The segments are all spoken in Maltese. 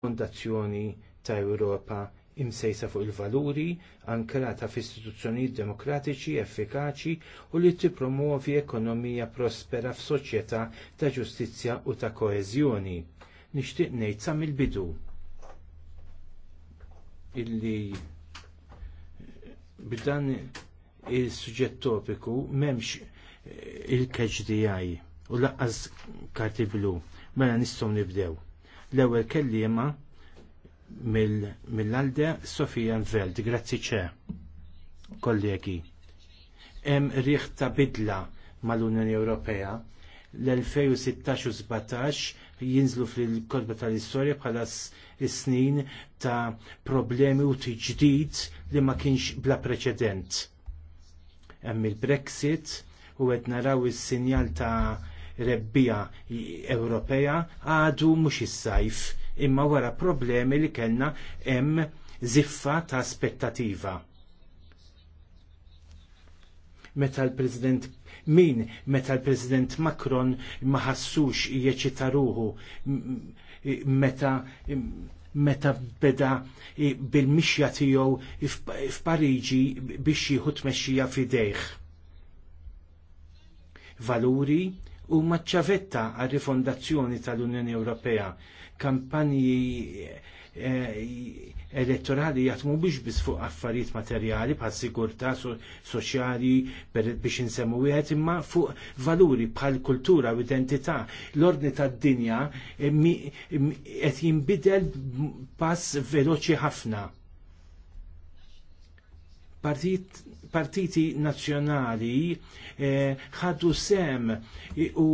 fondazzjoni ta' Ewropa imsejsa fuq il-valuri ankrata f'istituzzjonijiet demokratiċi effikaċi u li tippromuovi ekonomija prospera f'soċjetà ta' ġustizzja u ta' koeżjoni. Nixtieq ngħid sa mill-bidu illi b'dan il-suġġett topiku m'hemmx eh, il-KHDI u laqqas karti blu. Mela nistgħu nibdew l-ewwel kelliema mill-Alde Sofija Veld, grazzi ċe, kollegi. Hemm riħ ta' bidla mal-Unjoni Ewropea l-2016 u 17 jinżlu fil kolba tal-istorja bħala snin ta' problemi u ġdid li ma kienx bla preċedent. Hemm il-Brexit u qed naraw is-sinjal ta' rebbija Ewropea għadu mhux is-sajf imma wara problemi li kellna hemm ziffa ta' aspettativa. Meta l-President min meta l-President Macron ma ħassux jeċita ruħu meta meta beda bil-mixja tiegħu f'Pariġi biex jieħu tmexxija f'idejh. Valuri u maċċavetta għal rifondazzjoni tal-Unjoni Ewropea. Kampanji eh, eh, elettorali jatmu biex bis fuq affarijiet materjali bħal sigurtà soċjali biex insemmu wieħed imma fuq valuri bħal kultura u identità. L-ordni tad-dinja eh, qed jinbidel pass veloċi ħafna. Partit partiti nazzjonali ħadu eh, sem u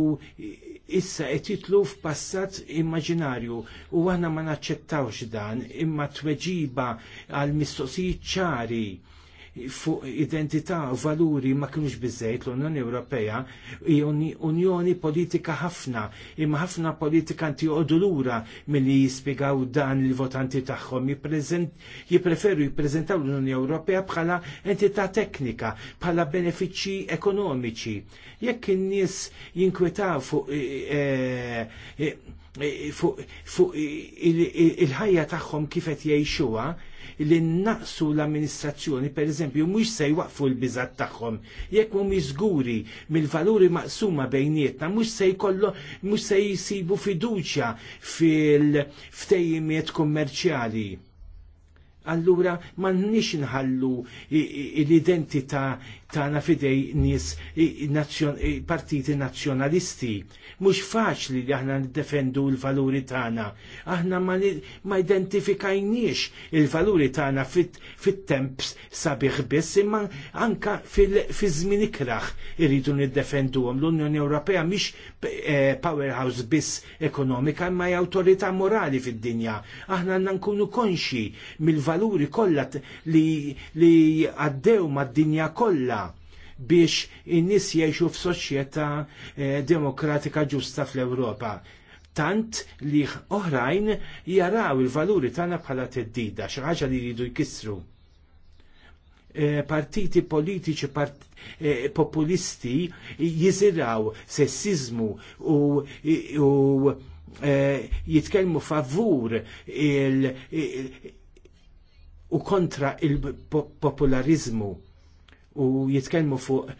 issa qed jitlu f'passat immaġinarju u aħna ma naċċettawx dan imma tweġiba għal mistoqsijiet ċari fuq identità u valuri ma kienux biżejt l-Unjoni Ewropea unjoni politika ħafna, imma ħafna politika anti lura milli jispjegaw dan il-votanti tagħhom jippreferu jippreżentaw l-Unjoni Ewropea bħala entità teknika, bħala benefiċċji ekonomiċi. Jekk in-nies jinkwetaw fuq eh, eh, eh, fuq il-ħajja tagħhom kif qed jgħixuha, li naqsu l-amministrazzjoni, per eżempju, mux se jwaqfu l-bizat tagħhom. Jekk mu mizguri mill-valuri maqsuma bejnietna, mhux se jkollu, mux se jisibu fiduċja fil-ftejimiet kummerċjali. Allura m'għandniex nħallu l-identità tagħna fidej nies partiti nazzjonalisti. Mhux faċli li aħna niddefendu l-valuri tagħna. Aħna ma identifikajniex il-valuri tagħna fit-temps sabiħ biss imma anka fil żmien ikraħ irridu niddefenduhom. L-Unjoni Ewropea mhix eh, powerhouse biss ekonomika imma hija morali fid-dinja. Aħna nkunu konxi mill-valuri valuri kollha li għaddew mad-dinja kollha biex in-nies jgħixu f'soċjetà eh, demokratika ġusta fl-Ewropa tant li oħrajn jaraw il-valuri tagħna bħala teddida, xi ħaġa li jridu jkissru. Eh, partiti politiċi part, eh, populisti jiżiraw sessizmu u, u eh, jitkellmu favur u kontra il-popolarizmu u jitkellmu fuq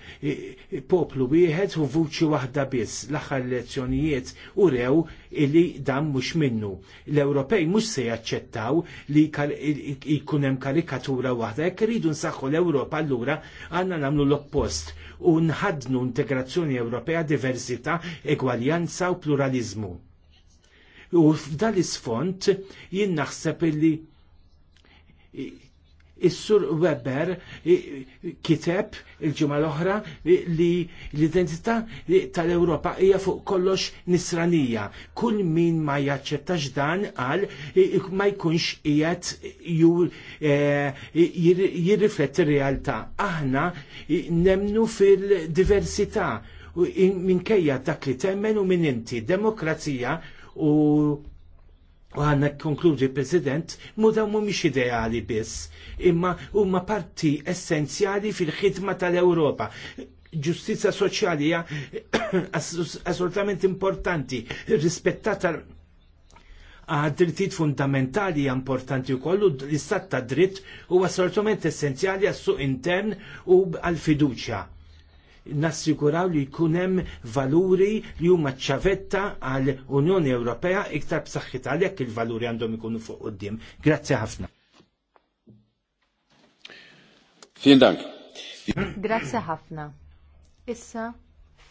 poplu wieħed u vuċi waħda biss l-aħħar elezzjonijiet u rew illi dan mhux minnu. L-Ewropej mhux se jaċċettaw li jkun hemm karikatura waħda jekk iridu nsaħħu l-Ewropa allura għandna nagħmlu l-oppost u nħadnu integrazzjoni Ewropea diversità, egwaljanza u pluralizmu. U f'dan l isfond jien naħseb illi Is-sur Weber kiteb il-ġimgħa l-oħra li l-identità tal-Ewropa hija fuq kollox nisranija. Kull min ma jaċċettax dan qal ma jkunx qiegħed eh, jirrifletti r-realtà. Aħna nemnu fil-diversità minkejja dak li temmen u min inti demokrazija u u għanna konkludi President, mu daw ideali biss, imma huma parti essenzjali fil-ħidma tal-Ewropa. Ġustizza soċjali hija assolutament importanti, rispettata għad drittijiet fundamentali importanti u kollu l-istat ta' dritt u assolutament essenzjali għas-suq intern u għal-fiduċja nassiguraw li kunem valuri li huma ċavetta għal Unjoni Ewropea iktar b'saħħit għalhekk il-valuri għandhom ikunu fuq qudiem. Grazzi ħafna. Vielen Dank. Grazzi ħafna. Issa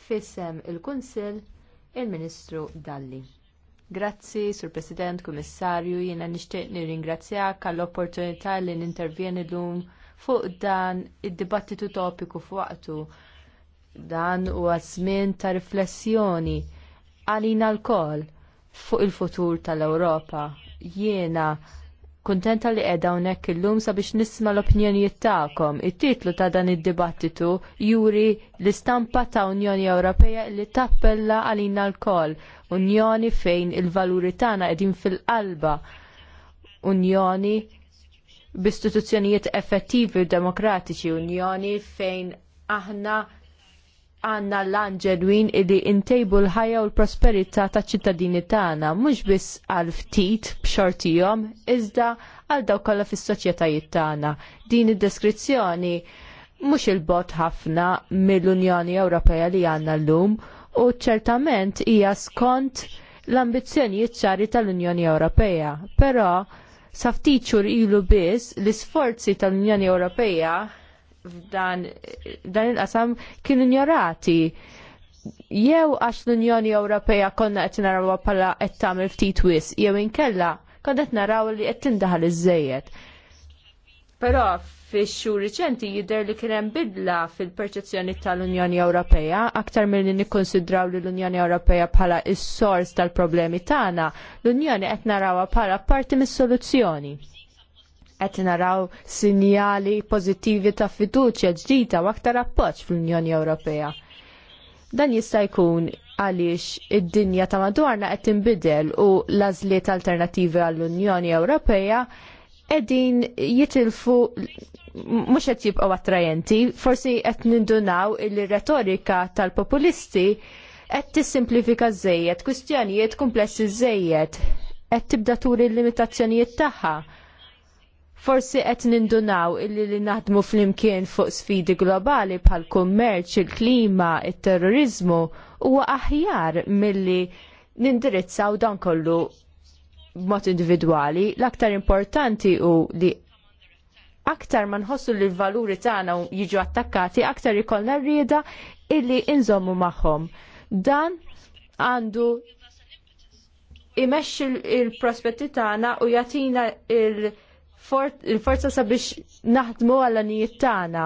fissem il-Kunsill il-Ministru Dalli. Grazzi, Sur President, Kummissarju, jiena nixtieq nirringrazzjak għall-opportunità li nintervjeni lum fuq dan id-dibattitu topiku fuq waqtu Dan huwa żmien ta' riflessjoni għalina lkoll fuq il-futur tal-Ewropa. Jiena kuntenta li qiegħda hawnhekk illum sabiex nisma l-opinjonijiet tagħkom. It-titlu ta' dan id-dibattitu juri l-istampa ta' Unjoni Ewropea li tappella għalina lkoll. Unjoni fejn il-valuri tagħna qegħdin fil-qalba. Unjoni b'istituzzjonijiet effettivi u demokratiċi, unjoni fejn aħna għanna lan ġenwin illi intejbu l-ħajja u l-prosperità ta' ċittadini tagħna, mhux biss għal ftit b'xortijhom, iżda għal daw kollha fis-soċjetajiet tagħna. Din id-deskrizzjoni mhux il-bot ħafna mill-Unjoni Ewropea li għandna llum u ċertament hija skont l-ambizzjonijiet ċari tal-Unjoni Ewropea, però sa ftit ilu biss l-isforzi tal-Unjoni Ewropea f'dan dan il-qasam kien ignorati jew għax l-Unjoni Ewropea konna qed narawha bħala qed tagħmel ftit wis, jew inkella konna qed naraw li qed tindaħal iż-żejjed. Però fix-xhur riċenti jidher li kien hemm bidla fil-perċezzjoni tal-Unjoni Ewropea aktar milli nikkonsidraw li l-Unjoni Ewropea bħala is-sors tal-problemi tagħna, l-Unjoni qed narawha bħala parti mis-soluzzjoni qed naraw sinjali pożittivi ta' fiduċja ġdida u aktar appoġġ fl-Unjoni Ewropea. Dan jista' jkun għaliex id-dinja ta' madwarna qed tinbidel u l-għażliet alternattivi għall-Unjoni Ewropea qegħdin jitilfu mhux qed jibqgħu attrajenti, forsi qed nindunaw il-retorika tal-populisti qed tissimplifika żejjed, kwistjonijiet komplessi żejjed, qed tibda turi l-limitazzjonijiet tagħha Forsi qed nindunaw illi li naħdmu flimkien fuq sfidi globali bħal kummerċ, il-klima, it-terrorizmu huwa aħjar milli nindirizzaw dan kollu b'mod individwali. L-aktar importanti hu li aktar ma nħossu li l-valuri tagħna jiġu attakkati, aktar ikollna rrieda illi inżommu magħhom. Dan għandu imexxi il-prospetti tagħna u jagħtina il-, -il il-forza sabiex naħdmu għall nijiet tagħna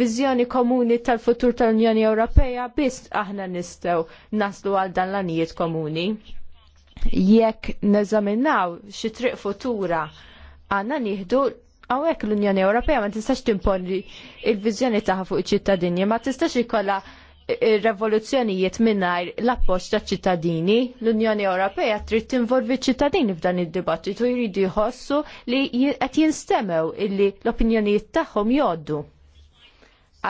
viżjoni komuni tal-futur tal-Unjoni Ewropea biss aħna nistgħu naslu għal dan l-anijiet komuni. Jekk neżaminaw xi triq futura għandna nieħdu hawnhekk l-Unjoni Ewropea ma tistax timponi il-viżjoni tagħha fuq iċ-ċittadini, ma tistax ikolla revoluzzjonijiet mingħajr l-appoġġ taċ ċittadini, l-Unjoni Ewropea trid tinvolvi ċittadini f'dan id-dibattitu jridu jħossu li qed jinstemew illi l-opinjonijiet tagħhom jgħoddu.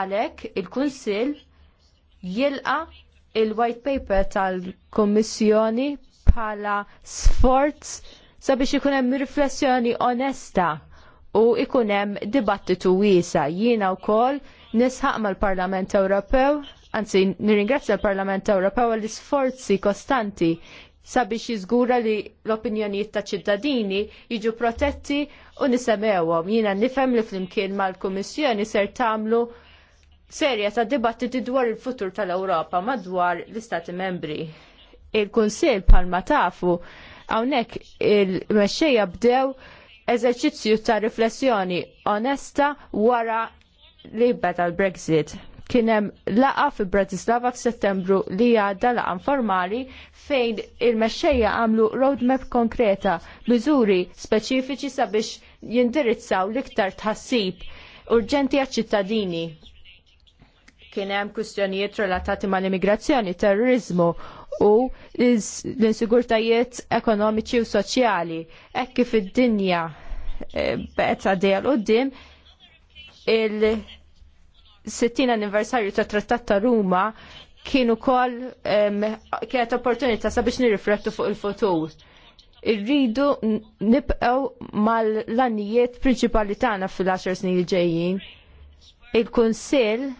Għalhekk il-Kunsill jilqa il-white paper tal-Kommissjoni bħala sforz sabiex ikun hemm riflessjoni onesta u ikun hemm dibattitu wiesa' jiena wkoll nisħaq mal-Parlament Ewropew anzi nirringrazzja l-Parlament Ewropew l isforzi kostanti sabiex jiżgura li l-opinjonijiet ta' ċittadini jiġu protetti u nisemewhom. Jiena nifhem li flimkien mal-Kummissjoni ser tagħmlu serja ta' dibattiti dwar il-futur tal-Ewropa madwar l-Istati membri. Il-Kunsill bħalma tafu hawnhekk il-mexxejja bdew eżerċizzju ta' riflessjoni onesta wara li beda l-Brexit. Kien hemm laqa fi Bratislava f'Settembru li għadda laqa informali fejn il-mexxejja għamlu roadmap konkreta, miżuri speċifiċi sabiex jindirizzaw l-iktar tħassib urġenti għaċ-ċittadini kien hemm kwistjonijiet relatati mal-immigrazzjoni, terrorizmu u l-insigurtajiet ekonomiċi u soċjali. Hekk kif id-dinja qed eh, għaddejja l qudiem il- 60 anniversarju ta' Trattat ta' Ruma kienu kol kienet opportunità sabiex nirriflettu fuq il-futur. Irridu nibqgħu mal-lanijiet prinċipali tagħna fil-10 snin li ġejjin. Il-Kunsill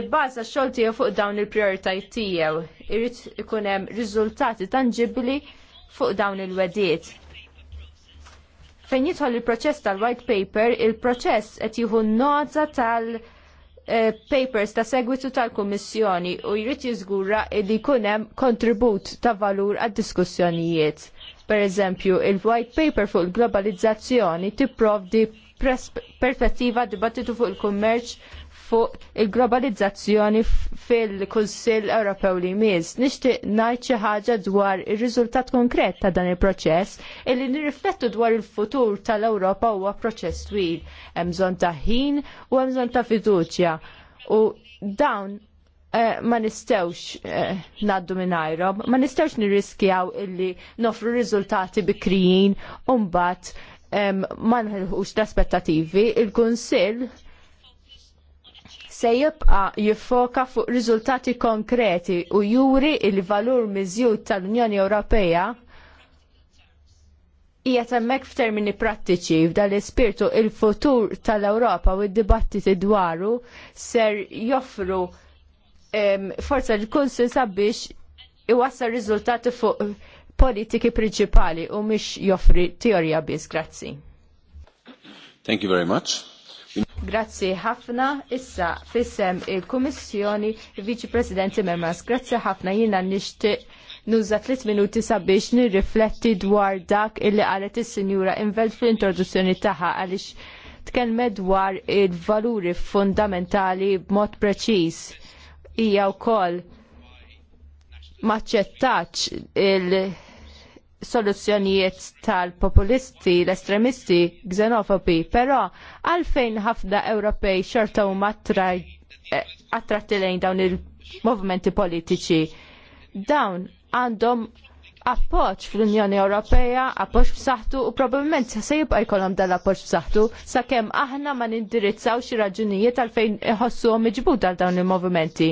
Ibbaza xogħol tiegħu fuq dawn il-prioritajiet tiegħu. Irrid ikun hemm riżultati tanġibbli fuq dawn il-wediet. Fejn jidħol il-proċess tal-white paper, il-proċess qed jieħu n-noza tal- eh, papers ta' segwitu tal-Kummissjoni u jrid jiżgura li jkun hemm kontribut ta' valur għad-diskussjonijiet. Per eżempju, il-white paper fuq il-globalizzazzjoni tipprovdi perspettiva dibattitu fuq il-kummerċ fuq il-globalizzazzjoni fil-Kunsill Ewropew li jmiss. Nixtieq ngħid xi ħaġa dwar ir-riżultat konkret ta' dan il-proċess illi nirriflettu dwar il-futur tal-Ewropa huwa proċess twil. Hemm bżonn ta' ħin u hemm bżonn ta' fiduċja. U dawn eh, ma nistewx eh, naddu minn ma nistewx nirriskjaw illi nofru riżultati bikrijin u mbagħad ma nħuġ l-aspettativi, il-Kunsill se jibqa jiffoka fuq riżultati konkreti u juri il-valur miżjud tal-Unjoni Ewropea hija hemmhekk f'termini prattiċi f'dan l-ispirtu il-futur tal-Ewropa u d-dibattiti dwaru ser joffru forsa l-Kunsil sabiex iwassal riżultati fuq politiki prinċipali u mhix joffri teorija biss. Grazzi. Thank you very much. Grazzi ħafna, issa fissem il-Kummissjoni Viċi Presidenti Memmas. Grazzi ħafna jina nishtiq nuża tliet minuti sabiex nirrifletti dwar dak illi qalet is-Sinjura Invelt fl-introduzzjoni tagħha għaliex tkellmet dwar il-valuri fundamentali b'mod preċiż hija wkoll maċċettax il- soluzzjonijiet tal-populisti, l-estremisti, xenofobi, però għalfejn ħafna Ewropej xorta huma eh, attratti lejn dawn il-movimenti politiċi. Dawn għandhom appoġġ fl-Unjoni Ewropea, appoġġ b'saħħtu u probabbilment se jibqa' jkollhom dan l-appoġġ b'saħħtu sakemm aħna ma nindirizzaw xi raġunijiet għalfejn iħossuhom miġbud għal dawn il-movimenti.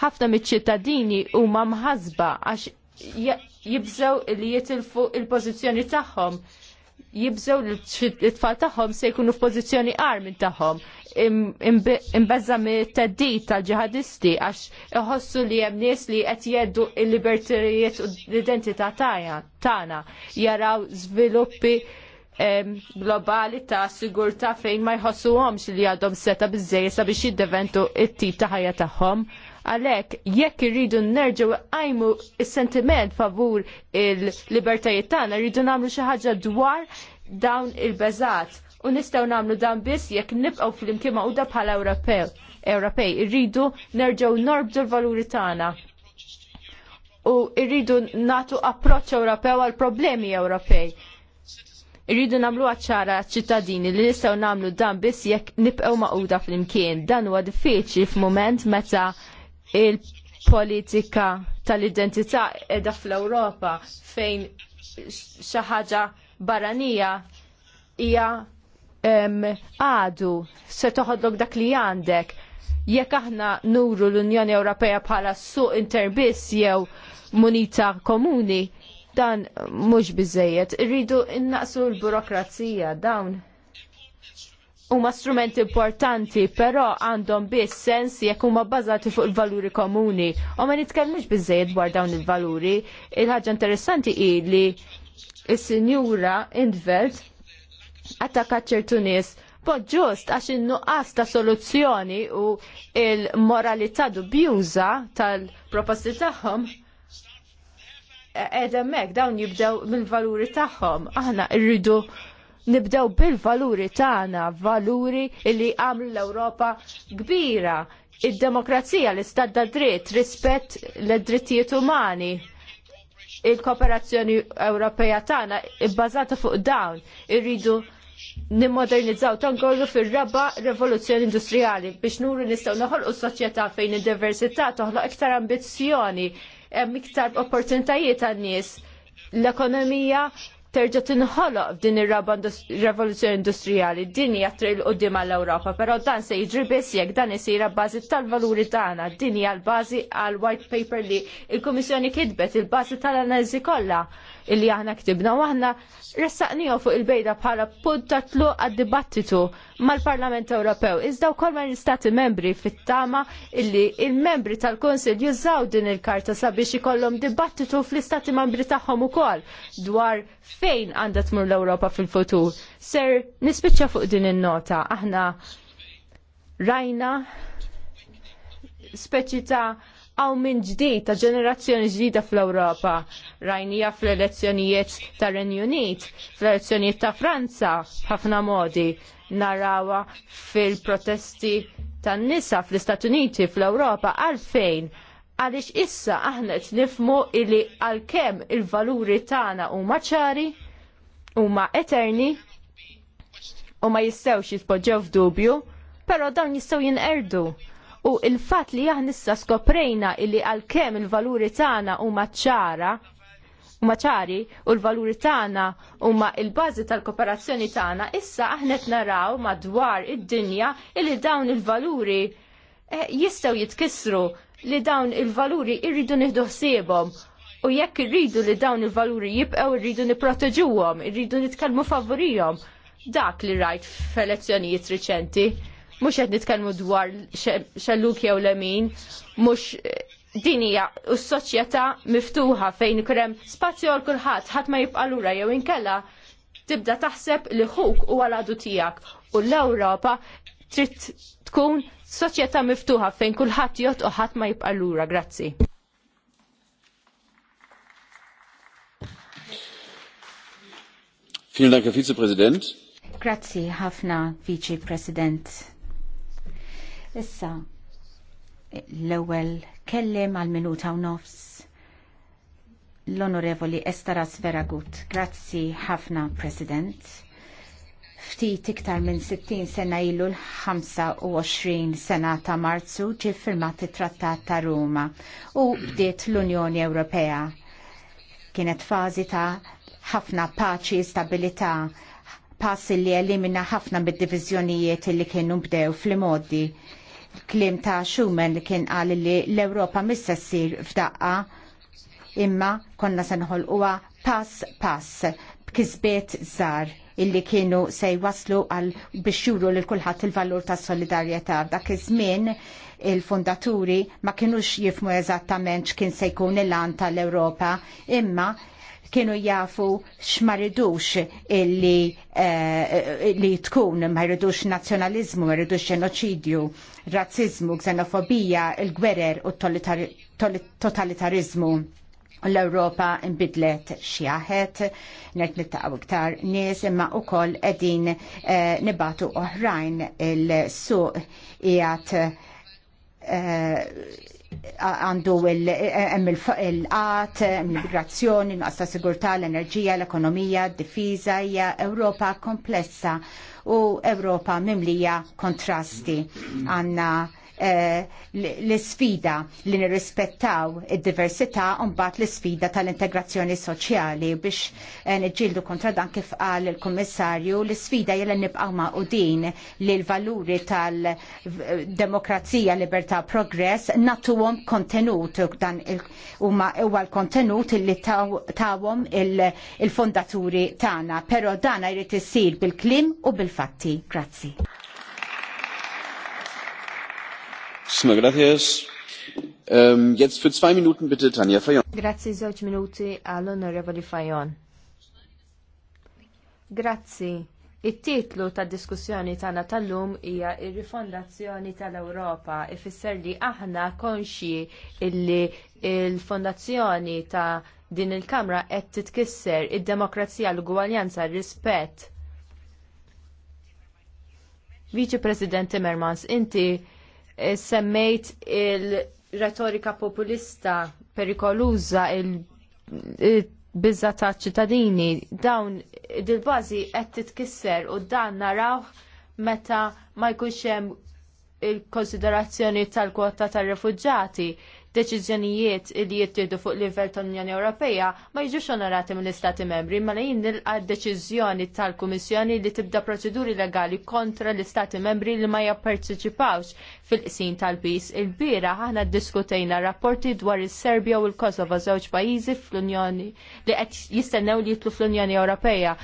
Ħafna miċ-ċittadini huma mħasba għax jibżew li jitilfu il-pożizzjoni tagħhom. Jibżew li t-tfal tagħhom se jkunu f'pożizzjoni qar minn tagħhom. Imbeżza t teddid tal-ġihadisti għax iħossu li hemm nies li qed jeddu l-libertarijiet u l-identità tagħna jaraw żviluppi globali ta' sigurtà fejn ma jħossuhomx li għadhom seta' biżejjed sabiex jiddeventu t tip ta' ħajja tagħhom. Għalhekk jekk irridu nerġgħu għajmu s-sentiment favur il-libertajiet tagħna rridu nagħmlu xi ħaġa dwar dawn il-beżat u nistgħu nagħmlu dan biss jekk nibqgħu fl-imkien bħala Ewropew. Ewropej irridu nerġgħu norbdu l-valuri tagħna u irridu natu approċċ Ewropew għal problemi Ewropej irridu namlu għacċara ċittadini li nistaw namlu dan biss jekk nibqgħu maquda fl-imkien. Dan huwa diffiċli f'mument meta il-politika tal-identità edha fl-Ewropa fejn xi ħaġa barranija hija għadu se toħodlok dak li għandek jekk aħna nuru l-Unjoni Ewropea bħala suq interbiss jew munita komuni dan mhux biżejjed irridu innaqsu l-burokrazija dawn huma strumenti importanti, però għandhom biss sens jekk huma bbażati fuq il-valuri komuni. U ma nitkellmux biżejjed dwar dawn il-valuri. Il-ħaġa interessanti hi li is-Sinjura Indveld attakkat ċertu nies Pod ġust, għax in-nuqqas ta' soluzzjoni u il-moralità dubjuża tal-proposti tagħhom e- edemmek dawn jibdew mill-valuri tagħhom. Aħna rridu nibdew bil-valuri tagħna, valuri li għamlu l-Ewropa kbira, id-demokrazija, l-istat da dritt, rispett l-drittijiet umani, il-kooperazzjoni Ewropea tagħna bbażata fuq dawn irridu nimmodernizzaw tankollu fir-raba rivoluzzjoni industrijali biex nuru nistgħu noħolqu soċjetà fejn id-diversità toħloq iktar ambizzjoni, hemm iktar opportunitajiet għan-nies l-ekonomija terġa' tinħoloq f'din ir-raba industrijali, din hija triq qudiem għall-Ewropa, però dan se jiġri biss jekk dan isir bażi tal-valuri tagħna, din hija l-bażi għal white paper li l-Kummissjoni kitbet il-bażi tal-analiżi kollha illi aħna ktibna u aħna ressaqniju fuq il-bejda bħala punt ta' għad-dibattitu mal-Parlament Ewropew. Iżda wkoll ma' l-istati membri fit-tama illi il-membri tal-Konsil jużaw din il-karta sabiex ikollhom dibattitu fl-istati membri tagħhom ukoll dwar fejn għandha tmur l-Ewropa fil-futur. Ser nispiċċa fuq din in-nota aħna rajna speċi ta' għaw minn ġdid ta' ġenerazzjoni ġdida fl-Ewropa. Rajnija fl-elezzjonijiet ta' Renju Unit, fl-elezzjonijiet ta' Franza, ħafna modi. Narawa fil-protesti tan nisa fl istati Uniti, fl-Ewropa, għalfejn. Għalix issa aħna qed nifmu illi għalkemm il-valuri tagħna huma ċari, huma eterni, u ma jistgħux jitpoġġew f'dubju, però dawn jistgħu jinqerdu U il-fat li aħna skoprejna illi għal-kem il-valuri tagħna huma ċara u maċari u l-valuri tagħna huma il-bażi tal-kooperazzjoni tagħna, issa aħna naraw madwar id-dinja illi dawn il-valuri eh, jistgħu jitkissru li dawn il-valuri irridu nieħdu u jekk irridu li dawn il-valuri jibqgħu irridu nipproteġuhom, irridu nitkellmu favorijom Dak li rajt f'elezzjonijiet riċenti mhux qed nitkellmu dwar xelluk jew lemin, mhux eh, din hija s-soċjetà miftuħa fejn krem hemm spazju għal kulħadd, ħadd ma jibqa' lura jew inkella tibda taħseb li ħuk huwa għaladu tiegħek u l-Ewropa trid tkun soċjetà miftuħa fejn kulħadd jot u ħadd ma jibqa' lura. Grazzi. Vielen Dank, Herr Vizepräsident. Grazzi ħafna, Viċi President. Issa, l-ewel kellim għal minuta u nofs l-onorevoli Estaras Veragut. Grazzi ħafna, President. Ftit iktar minn 60 sena ilu l-25 sena ta' Marzu ġi firmat it-Trattat ta' Roma u bdiet l-Unjoni Ewropea. Kienet fażi ta' ħafna paċi, stabilità, pass li elimina ħafna mid-diviżjonijiet li kienu bdew fl-modi klim ta' Schumann li kien qal li l-Ewropa missa ssir f'daqqa imma konna se nħolquha pass pass b'kisbiet żgħar illi kienu se waslu għal biex juru lil kulħadd il-valur tas solidarjetà dak iż-żmien il-fondaturi ma kinux jifmu eżattament x'kien se jkun il-lan tal-Ewropa imma kienu jafu x'maridux illi eh, li tkun ma nazjonalizmu, nazzjonaliżmu, genocidju, ġenoċidju, razzizmu, xenofobija, il-gwerer u totalitarizmu l-Europa imbidlet xieħet, net nittaqaw iktar nies imma u koll edin eh, nibatu oħrajn il-suq jgħat għandu il-qat, migrazzjoni, nuqqas ta' sigurtà, l-enerġija, l-ekonomija, d-difiża hija Ewropa komplessa u Ewropa mimlija kontrasti. Għanna Eh, l-sfida li nirrispettaw id-diversità u mbagħad l-sfida tal-integrazzjoni soċjali biex eh, niġġieldu kontra dan kif qal il-Kummissarju l-sfida jella nibqgħu ma' din li l-valuri tal-demokrazija, libertà, progress nagħtuhom kontenut dan huma huwa l-kontenut li tawhom il-fondaturi tagħna, però dan jrid isir bil-klim u bil-fatti. Grazzi. Grazie, żewġ minuti għall-Onorevoli Fajon. Grazzi. It-titlu tad diskussjoni tagħna tal-lum hija il rifondazzjoni tal-Ewropa. Ifisser li aħna konxi illi il-fondazzjoni ta' din il-Kamra qed titkisser id-demokrazija l-ugwaljanza rispett. Viċi President Timmermans, inti Eh, semmejt il-retorika populista perikoluża il-bizza ta' ċittadini dawn dil-bazi qed titkisser u dan naraw meta ma jkunx hemm il-konsiderazzjoni tal-kwota tar-refuġġati deċiżjonijiet li jittirdu fuq livell tal-Unjoni Ewropea ma jiġux onorati mill-Istati membri, ma lejn deċiżjoni tal-Kummissjoni li tibda proċeduri legali kontra l-Istati membri li ma japparteċipawx fil-qsin tal-pis. Il-bira aħna ddiskutejna rapporti dwar is-Serbja u l-Kosovo żewġ pajjiżi fl-Unjoni li qed jistennew li jitlu fl-Unjoni Ewropea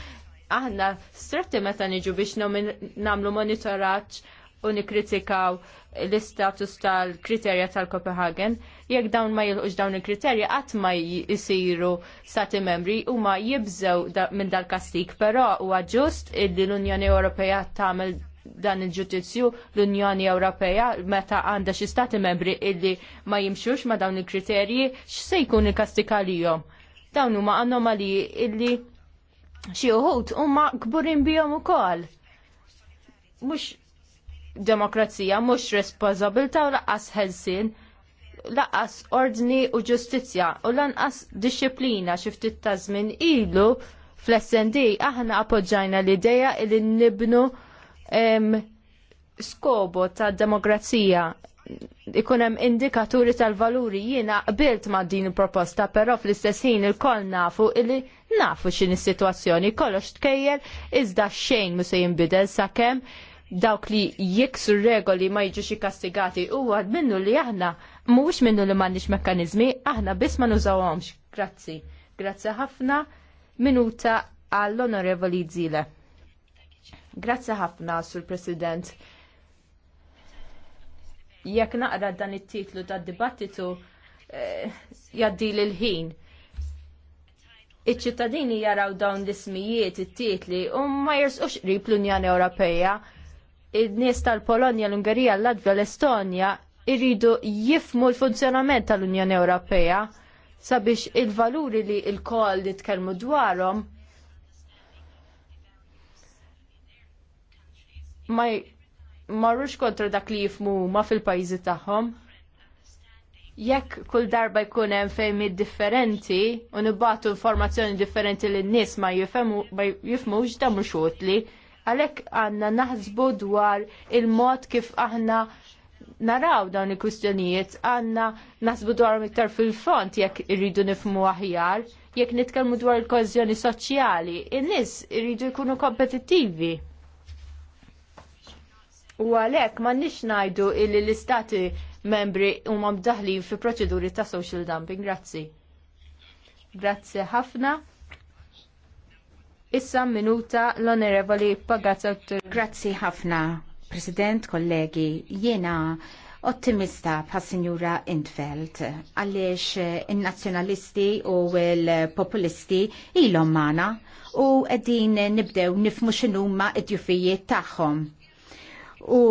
aħna stretti meta niġu biex nagħmlu monitoraġġ u nikritikaw l-istatus tal-kriterja tal-Kopenhagen, jekk dawn ma jilħux dawn il-kriterja qatt ma jisiru stati membri u ma jibżew da, minn dal-kastik, però huwa ġust li l-Unjoni Ewropea tagħmel dan il-ġudizzju l-Unjoni Ewropea meta għandha xi stati membri illi ma jimxux ma dawn il-kriterji x'se jkun il-kastik għalihom. Dawn huma anomaliji illi xi uħud huma kburin bihom ukoll. Mhux demokrazija mhux responsabilta u laqqas ħelsien laqas ordni u ġustizzja u lanqas disċiplina xi ftit ta' żmien ilu fl-SND aħna appoġġajna l-idea li nibnu skobo ta' demokrazija ikun hemm indikaturi tal-valuri jiena qbilt ma' din il-proposta, però fl-istess ħin il-koll nafu illi nafu x'in is-sitwazzjoni kollox tkejjel iżda xejn mhux se jinbidel sakemm dawk li jiksu regoli ma jiġux ikkastigati huwa minnu li aħna mhuwiex minnu li m'għandniex mekkaniżmi, aħna biss ma nużawhomx. Grazzi. Grazzi ħafna. Minuta għall-Onorevoli Zile. Grazzi ħafna, Sur President. Jekk naqra dan it-titlu tad dibattitu eh, jaddi l-ħin iċ-ċittadini jaraw dawn l-ismijiet, it-titli, u ma jersqux qrib l-Unjoni Ewropea, il-nies tal-Polonja, l-Ungerija, l-Latvja, l-Estonja irridu jifmu l-funzjonament tal-Unjoni Ewropea sabiex il-valuri li il-kol tkellmu dwarhom ma marrux kontra dak li jifmu ma fil-pajjiżi tagħhom. Jekk kull darba jkun hemm fejmi differenti u nibatu informazzjoni differenti lin nies ma jifhmux da mhux utli Għalhekk għandna naħsbu dwar il-mod kif aħna naraw dawn il-kwistjonijiet għandna naħsbu dwar iktar fil-font jekk irridu nifmu aħjar, jekk nitkellmu dwar il-kożjoni soċjali, in-nies irridu jkunu kompetittivi. U għalhekk m'għandniex ngħidu illi l-istati membri huma mdaħlin fi proċeduri ta' social dumping. Grazzi. Grazzi ħafna. Issa minuta l-onorevoli Pagazza. Grazzi ħafna, President, kollegi, jena ottimista pa' Signora Intfeld għaliex il-nazjonalisti u il-populisti ilhom mana u qegħdin nibdew nifmu x'inhuma id-djufijiet tagħhom. U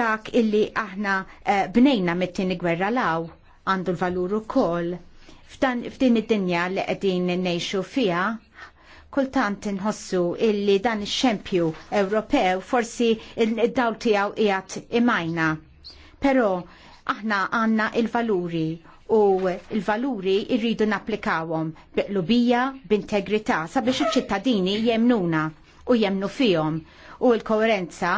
dak illi aħna eh, bnejna mit-tieni gwerra law għandu l-valur kol f'din id-dinja li qegħdin ngħixu fiha kultant inħossu illi dan ix-xempju Ewropew forsi id-dawl tiegħu qiegħed imajna. Però aħna għandna il-valuri u il-valuri irridu naplikawom biqlubija, b'integrità sabiex iċ-ċittadini jemnuna u jemnu fihom u l-koerenza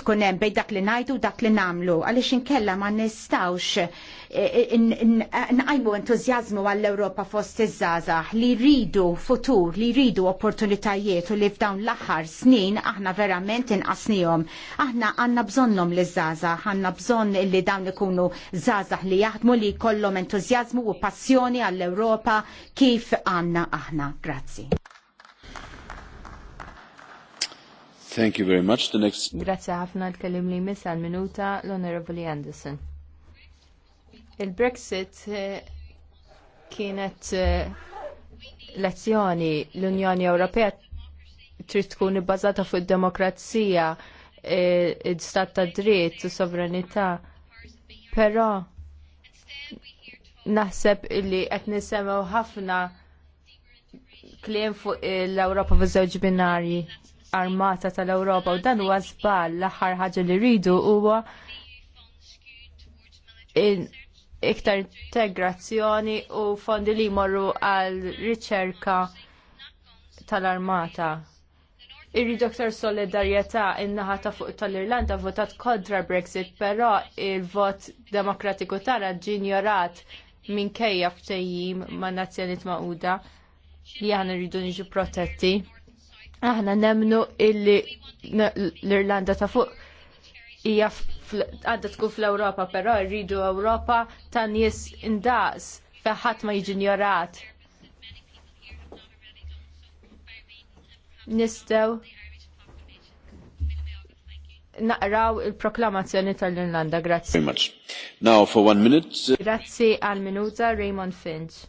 tkun hemm bejn dak li ngħidu u dak li nagħmlu għaliex inkella ma nistgħux nqajmu entuzjazmu għall-Ewropa fost iż-żgħażagħ li jridu futur, li jridu opportunitajiet u li f'dawn l-aħħar snin aħna verament inqasnihom. Aħna għandna bżonnhom li żgħażagħ, għanna bżonn li dawn ikunu żgħażagħ li jaħdmu li jkollhom entuzjazmu u passjoni għall-Ewropa kif għandna aħna. Grazzi. Thank you very much. The next... Grazie ħafna l-kellim li missa l-minuta l-Honorable Anderson. Il-Brexit eh, kienet eh, lezzjoni l-Unjoni Ewropea trid tkun ibbażata fuq id-demokrazija, eh, id-stat ta' dritt, u sovranità. Però naħseb li qed nisemgħu ħafna kliem fuq l-Ewropa fuq żewġ binarji armata tal-Ewropa u dan huwa żball l-aħħar ħaġa li rridu huwa iktar integrazzjoni u fondi li jmorru għal riċerka tal-armata. Irridu aktar solidarjetà in-naħa ta' fuq tal-Irlanda votat kontra Brexit, però il-vot demokratiku tara ġinjorat kejja ftejjim ma' nazzjoniet maquda li aħna rridu niġu protetti. Aħna nemnu illi l-Irlanda ta' fuq hija għadda tkun fl-Ewropa, però rridu Ewropa ta' nies indaqs ħadd ma jiġi ignorat. Nistew naqraw il-proklamazzjoni tal-Irlanda, grazzi. Now for one minute. Uh, grazzi għal minuta Raymond Finch.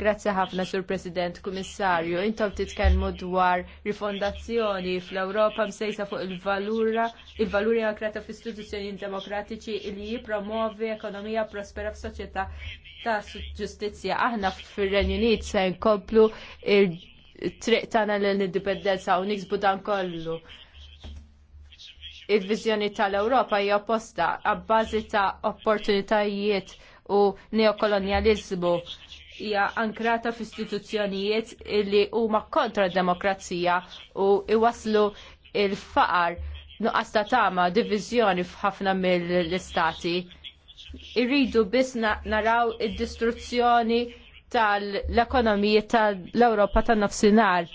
Grazzi ħafna, Sur President, Kummissarju. Intom titkellmu dwar rifondazzjoni fl-Ewropa msejsa fuq il-valura, il-valuri għakrata f'istituzzjoni demokratiċi li jipromovi ekonomija prospera f'soċjetà ta' ġustizzja. Aħna fir-Renju Unit se nkomplu il-triq tagħna l-indipendenza u niksbu dan kollu il-vizjoni tal-Ewropa hija opposta għabbażi ta' opportunitajiet u neokolonializmu hija ankrata f'istituzzjonijiet li huma kontra d-demokrazija u iwaslu il-faqar nuqqas ta' tama diviżjoni f'ħafna mill-istati. Irridu biss naraw id-distruzzjoni tal-ekonomiji tal-Ewropa tan-nofsinhar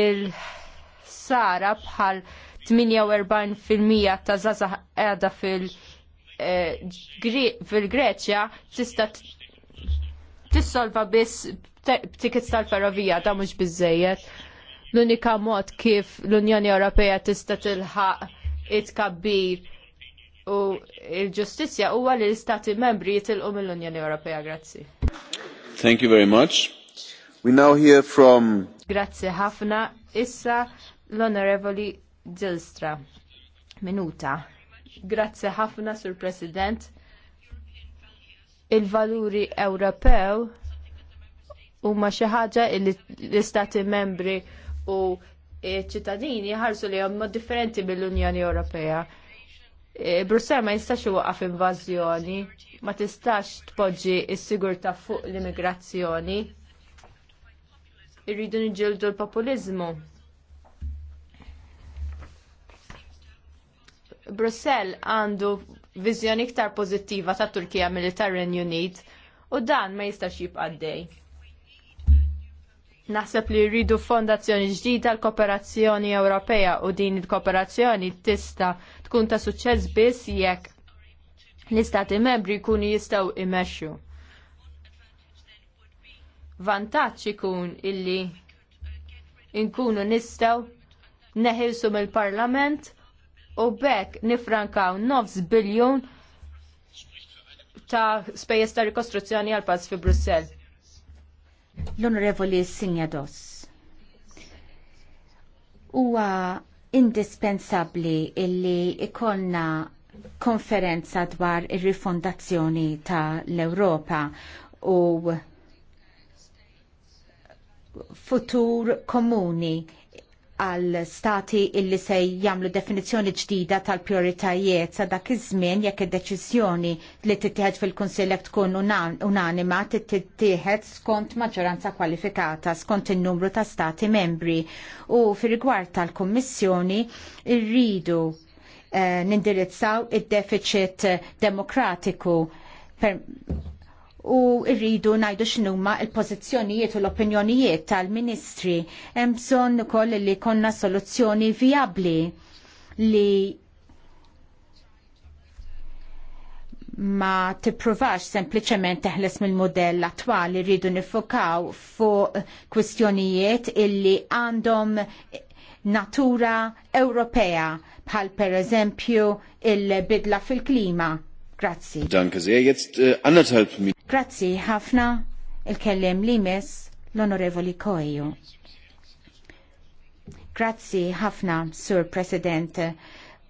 il-sara bħal 48% ta' zaza għada eh, fil-Greċja tista' tissolva biss tickets tal-ferrovija ta' mhux biżejjed. L-unika mod kif l-Unjoni Ewropea tista' tilħaq it-kabbir u l-ġustizzja huwa li l-istati membri jitilqu mill-Unjoni Ewropea. Grazzi. Thank you very much. We now hear from Grazzi ħafna. Issa l-Onorevoli Dilstra. Minuta. Grazzi ħafna, Sur President il-valuri Ewropew huma xi ħaġa li l-istati membri u ċittadini ħarsu li mod differenti mill-Unjoni Ewropea. E, Brussel ma jistax waqaf invażjoni, ma tistax tpoġġi s-sigurtà fuq l-immigrazzjoni. Irridu niġġieldu l-populiżmu. Brussell għandu viżjoni iktar pozittiva ta' Turkija mill-Renju Unit u dan ma jistax jibqaddej. Naħseb li rridu fondazzjoni ġdida l-kooperazzjoni Ewropea u din il-kooperazzjoni tista tkun ta' suċċess biss jekk l-istati membri jkunu jistgħu imexxu. Vantaġġ ikun illi nkunu nistgħu neħilsu mill-Parlament u bekk nifrankaw 9 biljun ta' spejjeż ta' rikostruzzjoni għal pass fi Brussell. L-Onorevoli Sinjados. Huwa indispensabbli illi ikollna konferenza dwar ir-rifondazzjoni ta' l-Ewropa u futur komuni għal stati illi se jagħmlu definizzjoni ġdida tal-prioritajiet sa dak iż-żmien jekk id-deċiżjoni li tittieħed fil-Kunsill jekk tkun unanima tittieħed skont maġġoranza kwalifikata skont in-numru ta' stati membri u fir-rigward tal-Kummissjoni rridu eh, nindirizzaw id-deficit demokratiku u rridu najdu x'numa il-pożizzjonijiet u l-opinjonijiet tal-ministri. Hemm bżonn ukoll li konna soluzzjoni viabli li ma tippruvax sempliċement teħles mill-modell attwali rridu nifokaw fuq kwistjonijiet illi għandhom natura Ewropea bħal per eżempju il-bidla fil-klima Grazzi. Danke sehr, jetzt uh, anderthalb Minuten. Grazzi, ħafna il-kellem limes l-onorevoli Koju. Grazzi, ħafna, Sur President.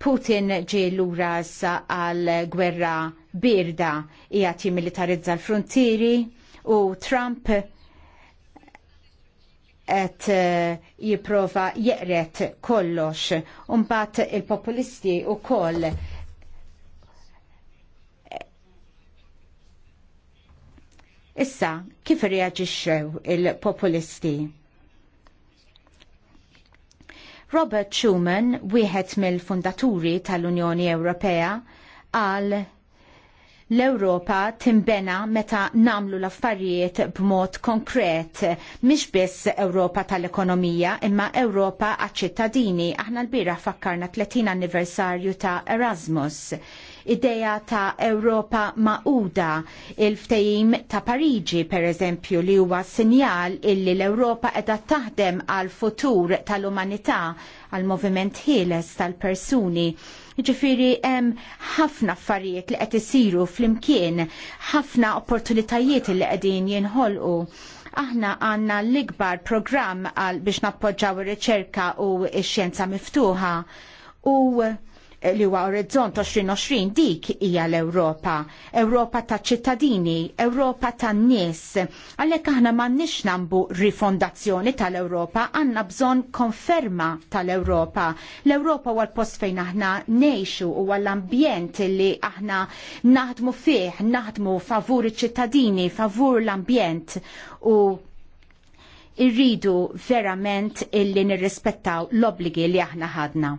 Putin ġi lura sa għal gwerra birda għati militarizza l-frontieri u Trump et eh, jiprofa jeqret kollox. un il-populisti u koll Issa, kif reagixxew il-populisti? Robert Schuman, wieħed mill-fundaturi tal-Unjoni Ewropea, għal l-Ewropa timbena meta namlu l-affarijiet b'mod konkret, mhix biss Ewropa tal-ekonomija, imma Ewropa għaċ-ċittadini. Aħna l-bira fakkarna 30 anniversarju ta' Erasmus ideja ta' Ewropa maquda, il-ftejim ta' Pariġi pereżempju li huwa sinjal illi l-Ewropa qiegħda taħdem għal futur tal-umanità għal moviment ħieles tal-persuni ġifiri hemm ħafna affarijiet li qed isiru flimkien, ħafna opportunitajiet li qegħdin jinħolqu. Aħna għanna l-ikbar programm għal biex nappoġġaw ir-riċerka u x-xjenza miftuħa. U li huwa Orizzont 2020 dik hija l-Ewropa, Ewropa ta' ċittadini, Ewropa ta' nies. Għalhekk aħna m'għandniex nambu rifondazzjoni tal-Ewropa, għandna bżonn konferma tal-Ewropa. L-Ewropa huwa l-post fejn aħna ngħixu huwa l-ambjent li aħna naħdmu fih, naħdmu favur iċ-ċittadini, favur l-ambjent u irridu verament illi nirrispettaw l-obligi li aħna ħadna.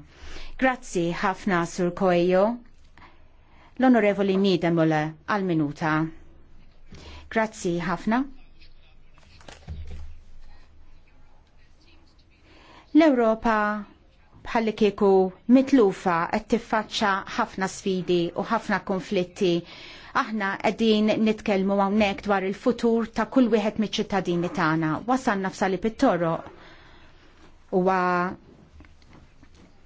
Grazzi ħafna Sur Koejo. L-Onorevoli Nidemola għal-minuta. Grazzi ħafna. L-Europa bħalli kieku mitlufa qed tiffaċċa ħafna sfidi u ħafna konflitti aħna qegħdin nitkellmu hawnhekk dwar il-futur ta' kull wieħed miċ-ċittadini tagħna. Wasalna f'sali pit-toroq huwa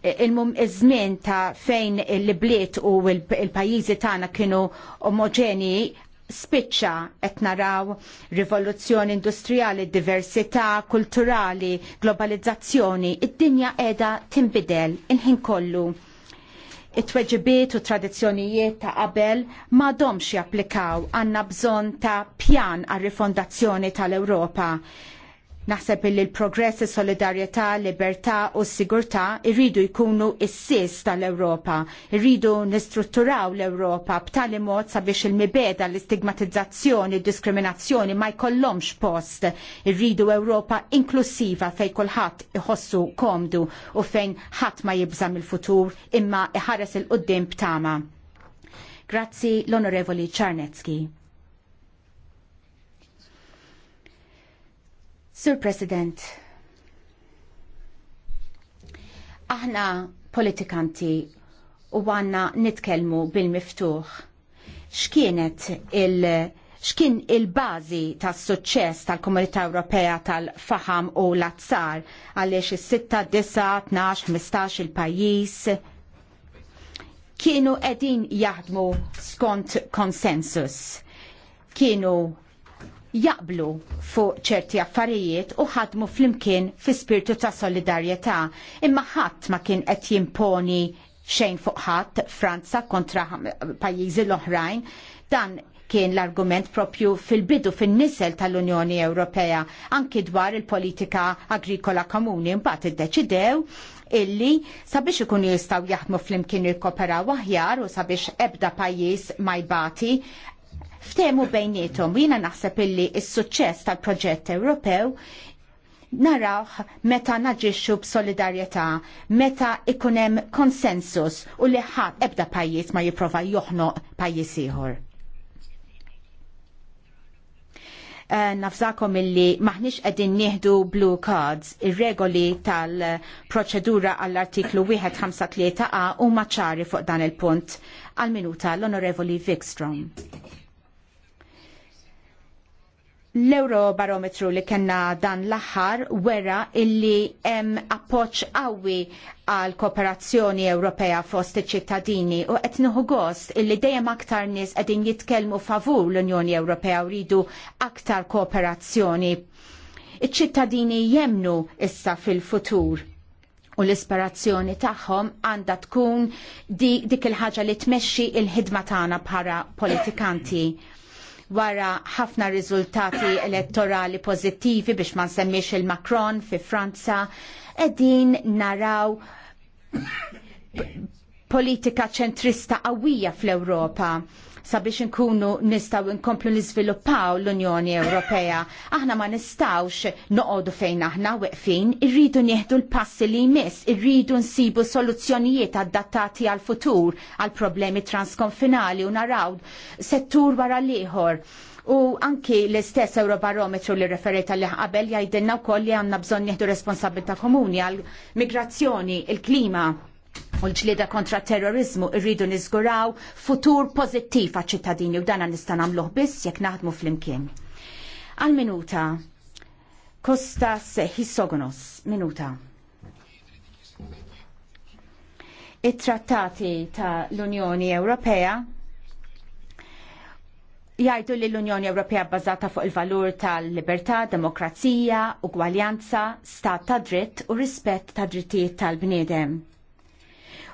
il-żmien ta' fejn il-bliet u il-pajjiżi tagħna kienu omogeni spiċċa qed naraw rivoluzzjoni industrijali, diversità kulturali, globalizzazzjoni, id-dinja qiegħda tinbidel inħin kollu. It-tweġibiet u tradizzjonijiet ta' qabel m'għadhomx japplikaw għandna bżonn ta' pjan għar rifondazzjoni tal-Ewropa Naħseb illi l-progress, is-solidarjetà, libertà u s-sigurtà irridu jkunu is sis tal-Ewropa. Irridu nistrutturaw l-Ewropa b'tali mod sabiex il-mibeda, l-istigmatizzazzjoni, diskriminazzjoni ma jkollhomx post. Irridu Ewropa inklusiva fejn kulħadd iħossu komdu u fejn ħadd ma jibżam il-futur imma iħares il-qoddim b'tama. Grazzi l-Onorevoli Czarnecki. Sur President, aħna politikanti u għanna nitkelmu bil-miftuħ. X'kienet il- x'kien il-bażi tas-suċċess tal-Komunità Ewropea tal-Faham u l-Azzar għaliex is-6, 9, 12, 15 il-pajjiż kienu qegħdin jaħdmu skont konsensus. Kienu jaqblu fuq ċerti affarijiet u ħadmu flimkien fi spirtu ta' solidarjetà imma ħadd ma kien qed jimponi xejn fuq ħadd Franza kontra pajjiżi l-oħrajn dan kien l-argument propju fil-bidu fin-nisel tal-Unjoni Ewropea anki dwar il-politika agrikola komuni mbagħad iddeċidew illi sabiex ikunu jistgħu jaħdmu flimkien jikkoperaw aħjar u sabiex ebda pajjiż ma jbati ftemu bejnietom. Jina naħseb illi s-suċċess tal-proġett Ewropew narawħ meta naġixxu b'solidarjetà, meta ikunem konsensus u li ħadd ebda pajjiż ma jipprova joħnoq pajjiż ieħor. Uh, nafżakom illi maħniex qegħdin nieħdu blue cards, ir-regoli tal-proċedura għall-artiklu 153a u maċari fuq dan il-punt għal-minuta l-Onorevoli Vikstrom l-Eurobarometru li kena dan l-aħħar wera illi hemm appoġġ qawwi għal kooperazzjoni Ewropea fost iċ-ċittadini u qed nieħu gost illi dejjem aktar nies qegħdin jitkellmu favur l-Unjoni Ewropea u ridu aktar kooperazzjoni. Iċ-ċittadini jemnu issa fil-futur u l-ispirazzjoni tagħhom għandha tkun dik il-ħaġa li tmexxi il-ħidma tagħna bħala politikanti wara ħafna riżultati elettorali pożittivi biex ma nsemmix il-Macron fi Franza, edin naraw politika ċentrista qawwija fl-Ewropa sabiex nkunu nistaw nkomplu nizviluppaw l-Unjoni Ewropea. Aħna ma nistawx noqogħdu fejn aħna weqfin, irridu nieħdu l-passi li jmiss, irridu nsibu soluzzjonijiet adattati għal futur għal problemi transkonfinali u naraw settur wara l-ieħor. U anki l-istess Eurobarometru li referita li qabel jgħidilna wkoll li għandna bżonn nieħdu responsabilità komuni għal migrazzjoni, il-klima, nafu l-ġlieda kontra terrorizmu rridu niżguraw futur pożittiv għaċ-ċittadini u dana nista' nagħmluh biss jekk naħdmu flimkien. Għal minuta Kostas Hisogonos, minuta. It-trattati ta' l-Unjoni Ewropea jgħidu li l-Unjoni Ewropea bbażata fuq il-valur tal-libertà, demokrazija, ugwaljanza, stat ta' dritt u rispett ta' drittijiet tal-bniedem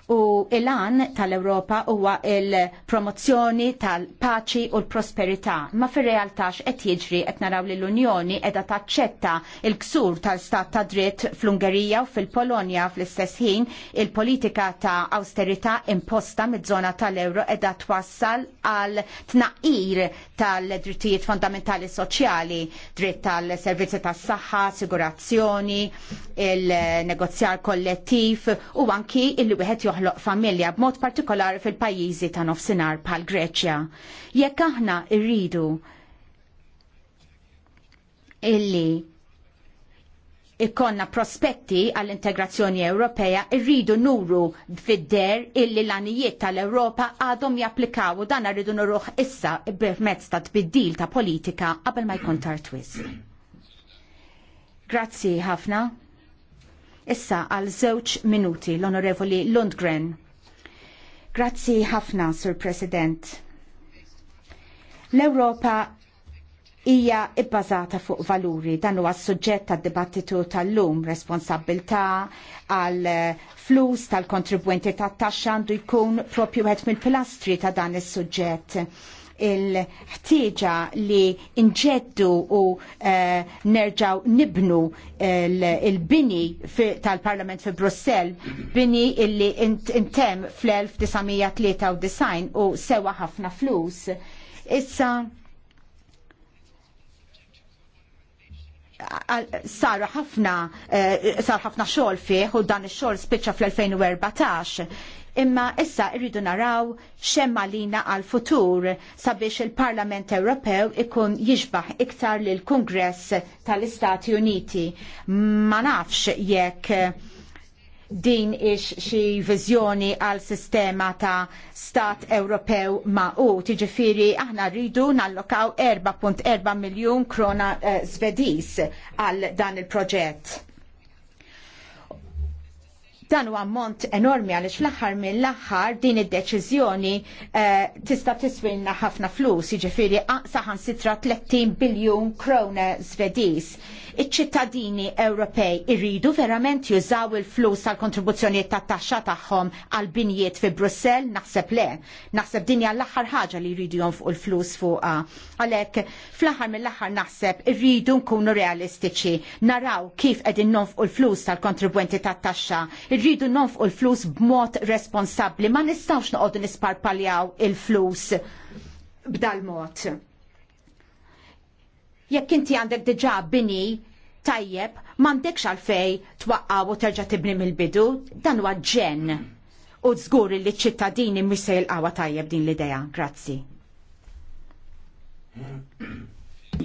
u il-an tal-Europa huwa il-promozzjoni tal-paċi u l-prosperità. Ma fir realtax qed jiġri qed naraw li l-Unjoni qiegħda taċċetta il-ksur tal-Stat ta' dritt fl-Ungerija u fil-Polonja fl-istess ħin il-politika ta' austerità imposta mid-żona tal-Euro qiegħda twassal għal tnaqir tal-drittijiet fondamentali soċjali, dritt tal-servizzi tas-saħħa, assigurazzjoni, il-negozjar kollettiv u anki il-wieħed toħloq familja b'mod partikolari fil-pajjiżi ta' nofsinhar bħal Greċja. Jekk aħna rridu illi ikkonna prospetti għall-integrazzjoni Ewropea irridu nuru fid-der illi l-anijiet tal-Ewropa għadhom japplikaw u dan rridu nuruħ issa b'mezz ta' tbiddil ta' politika qabel ma jkun tartwis. Grazzi ħafna. Issa għal żewġ minuti l-Onorevoli Lundgren. Grazzi ħafna, Sur President. L-Europa hija ibbażata fuq valuri dan huwa s-suġġett tad-dibattitu tal-lum responsabilità għal flus tal-kontribwenti tat-taxxa għandu jkun propju wieħed mill-pilastri ta' dan is-suġġett il-ħtieġa li nġeddu u eh, nerġaw nibnu il-bini il bini tal parlament fi Brussell, bini illi intem fl-1993 u sewa ħafna flus. Issa sar ħafna eh, sar ħafna xogħol fih u dan ix-xogħol spiċċa fl-2014. Imma issa rridu naraw xemma lina għal futur sabiex il-Parlament Ewropew ikun jiġbaħ iktar lil kongress tal-Istati Uniti. Ma nafx jekk din ix xi viżjoni għal sistema ta' stat Ewropew ma' u. Tiġifiri aħna rridu nallokaw 4.4 miljun krona eh, Svediż għal dan il-proġett. Dan huwa ammont enormi għaliex fl-aħħar mill-aħħar din id-deċiżjoni eh, tista' tiswilna ħafna flus, jiġifieri aqsa ħansitra 30 biljun krona Svediż Iċ-ċittadini Ewropej irridu verament jużaw il-flus tal-kontribuzzjonijiet tat-taxxa tagħhom għal binjiet fi Brussell naħseb le. Naħseb dinja l-aħħar ħaġa li jridu jonfqu l-flus fuqha. Għalhekk fl-aħħar mill-aħħar naħseb irridu nkunu realistiċi, naraw kif qegħdin nonfqu l-flus tal-kontribwenti tat-taxxa, irridu nonfqu l-flus b'mod responsabbli, ma nistgħux noqogħdu nisparpaljaw il-flus b'dal mod. Jekk inti għandek diġa bini tajjeb, m'għandekx għalfej twaqqaw u terġa' tibni mill-bidu, dan huwa ġen. U żgur li ċittadini mhux se jilqawha tajjeb din l ideja Grazzi.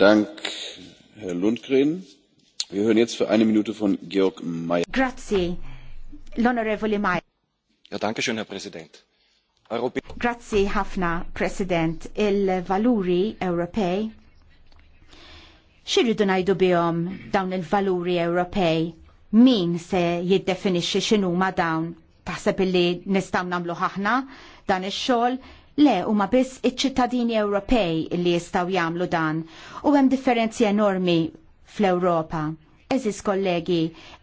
Dank, Herr Lundgren. Wir hören jetzt für eine Minute von Georg Mayer. Grazie, l'onorevole Mayer. Ja, danke schön, Herr Präsident. Europä Grazie ħafna, Präsident. Il-valuri Europei xirridu najdu bihom dawn il-valuri Ewropej? Min se jiddefinixxi x'inhuma dawn? Taħseb illi nistgħu nagħmlu ħaħna dan ix-xogħol Le, huma biss iċ-ċittadini Ewropej li jistgħu jagħmlu dan u hemm differenzi enormi fl-Ewropa. Eżis kollegi,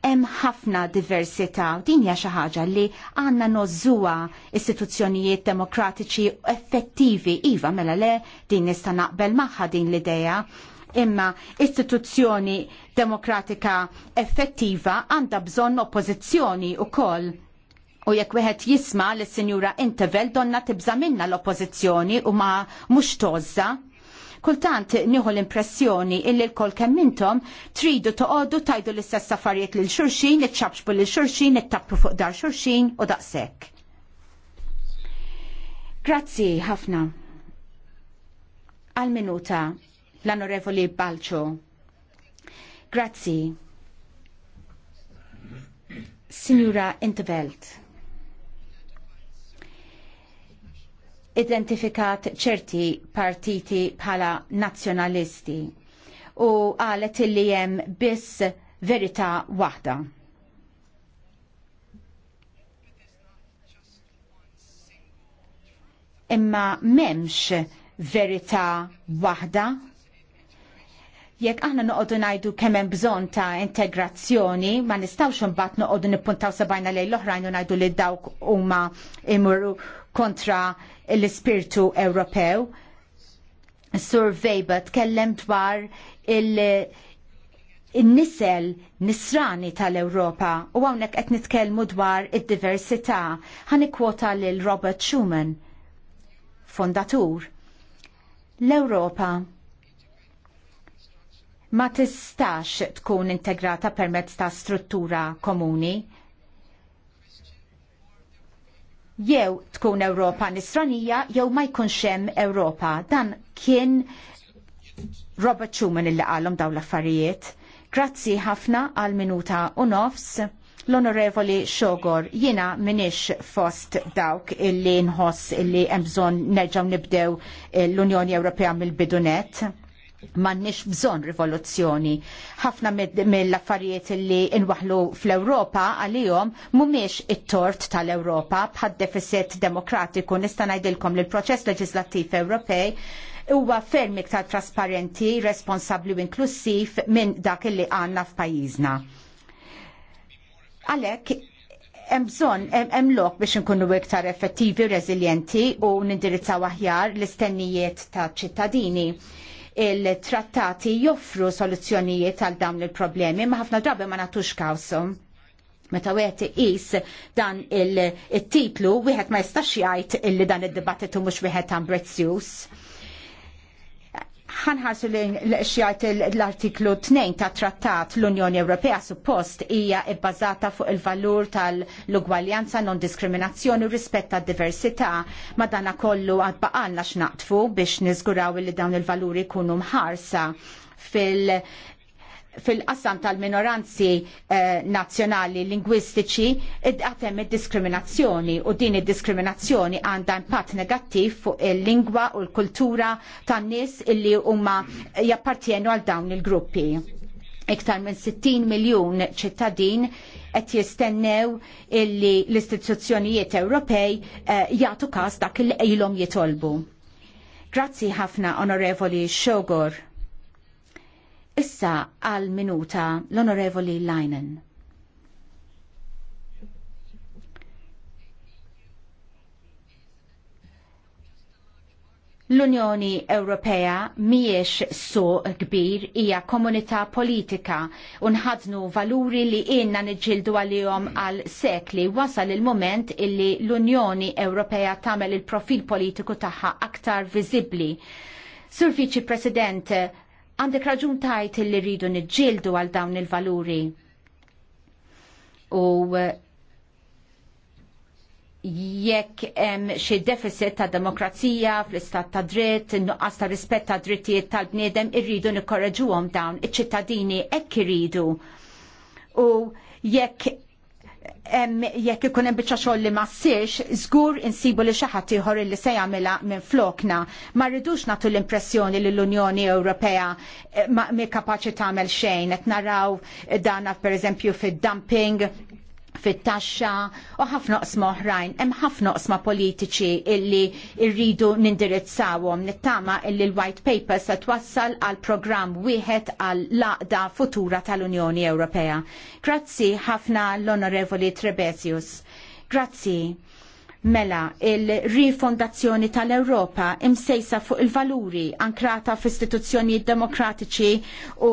hemm ħafna diversità u din hija xi ħaġa li għandna nożuha istituzzjonijiet demokratiċi effettivi iva mela le din nista' naqbel magħha din l-idea imma istituzzjoni demokratika effettiva għandha bżonn oppożizzjoni wkoll. U jekk wieħed jisma lis sinjura Intevel donna tibża minna l-oppożizzjoni u ma mhux tożza, kultant nieħu l-impressjoni illi l-kol kemm intom tridu toqogħdu tajdu l-istess affarijiet lil xulxin, iċċabxbu lil xulxin, ittappu fuq dar xulxin u daqshekk. Grazzi ħafna. Għal minuta l-Onorevoli Balcio. Grazzi. Signora Intervelt. identifikat ċerti partiti bħala nazzjonalisti u għalet li jem biss verità waħda. Imma memx verità waħda jekk aħna noqogħdu ngħidu kemm hemm bżonn ta' integrazzjoni, ma nistgħux imbagħad noqogħdu nippuntaw sabajna lejn l-oħrajn u ngħidu li dawk huma imuru kontra l-ispirtu Ewropew. Sur Vejba tkellem dwar il- in-nisel nisrani tal-Ewropa u hawnhekk qed nitkellmu dwar id-diversità. Ħanikwota lil Robert Schumann, fondatur. L-Ewropa ma tistax tkun integrata permezz ta' struttura komuni. Jew tkun Ewropa nisranija jew ma jkunx hemm Ewropa. Dan kien Robert Schumann illi qalhom dawn l-affarijiet. Grazzi ħafna għal minuta u nofs l-onorevoli Xogor, jina minix fost dawk illi nħoss illi hemm bżonn nerġgħu nibdew l-Unjoni Ewropea mill-bidunet mannix bżon rivoluzzjoni. ħafna mill-affarijiet li inwaħlu fl-Europa għalihom mumiex it-tort tal-Europa bħad deficit demokratiku nista' ngħidilkom li l-proċess leġislattiv Ewropej huwa ferm iktar trasparenti, responsabbli u inklusiv minn dak li għandna f'pajjiżna. Għalhekk hemm bżonn hemm lok biex inkunu iktar effettivi u reżiljenti u nindirizzaw aħjar l-istennijiet ta' ċittadini il-trattati joffru soluzzjonijiet għal dawn il-problemi, ma ħafna drabi ma nagħtux kawsu. Meta wieħed iqis dan il-titlu, wieħed ma jistax jgħid illi dan id-dibattitu mhux wieħed ambizzjuż ħanħarsu l xjajt l-artiklu 2 ta' trattat l-Unjoni Ewropea suppost hija bbażata fuq il-valur tal-ugwaljanza, non-diskriminazzjoni u rispett tad diversità ma dana kollu għad baqalna x'naqtfu biex niżguraw li dawn il-valuri jkunu mħarsa fil- fil-qassam tal-minoranzi eh, nazjonali lingwistiċi għatem id-diskriminazzjoni u din id-diskriminazzjoni għandha impatt negattiv fuq il-lingwa u l-kultura tan nies illi huma jappartienu għal dawn il-gruppi. Iktar minn 60 miljun ċittadin qed jistennew illi l-istituzzjonijiet Ewropej eh, jagħtu każ dak il ilhom jitolbu. Grazzi ħafna Onorevoli Xogur. Issa għal minuta l-Onorevoli Leinen. L-Unjoni Ewropea miex suq kbir hija komunità politika u nħadnu valuri li inna niġġieldu għalihom għal sekli wasal il-moment illi l-Unjoni Ewropea tagħmel il-profil politiku tagħha aktar viżibbli. Sur Viċi President, għandek raġun tajt li rridu nġildu għal dawn il-valuri. U eh, jekk hemm xi deficit ta' demokrazija fl-istat ta' dritt, nuqqas ta' rispett ta' drittijiet tal-bniedem irridu nikkorreġuhom dawn iċ-ċittadini hekk iridu. U jekk jekk ikun hemm biċċa xogħol li ma ssirx, żgur insibu li xi ħadd ieħor li se jagħmilha minn flokna. Ma rridux nagħtu l-impressjoni li l-Unjoni Ewropea eh, ma kapaċi tagħmel xejn qed naraw dan pereżempju fid-dumping fit-taxxa u ħafna qsma oħrajn, hemm ħafna qsma politiċi illi rridu nindirizzawhom nittama illi l-white paper se twassal għal programm wieħed għal laqda futura tal-Unjoni Ewropea. Grazzi ħafna l-Onorevoli Trebesius. Grazzi. Mela, il-rifondazzjoni tal-Europa imsejsa fuq il-valuri ankrata f'istituzzjoni demokratiċi u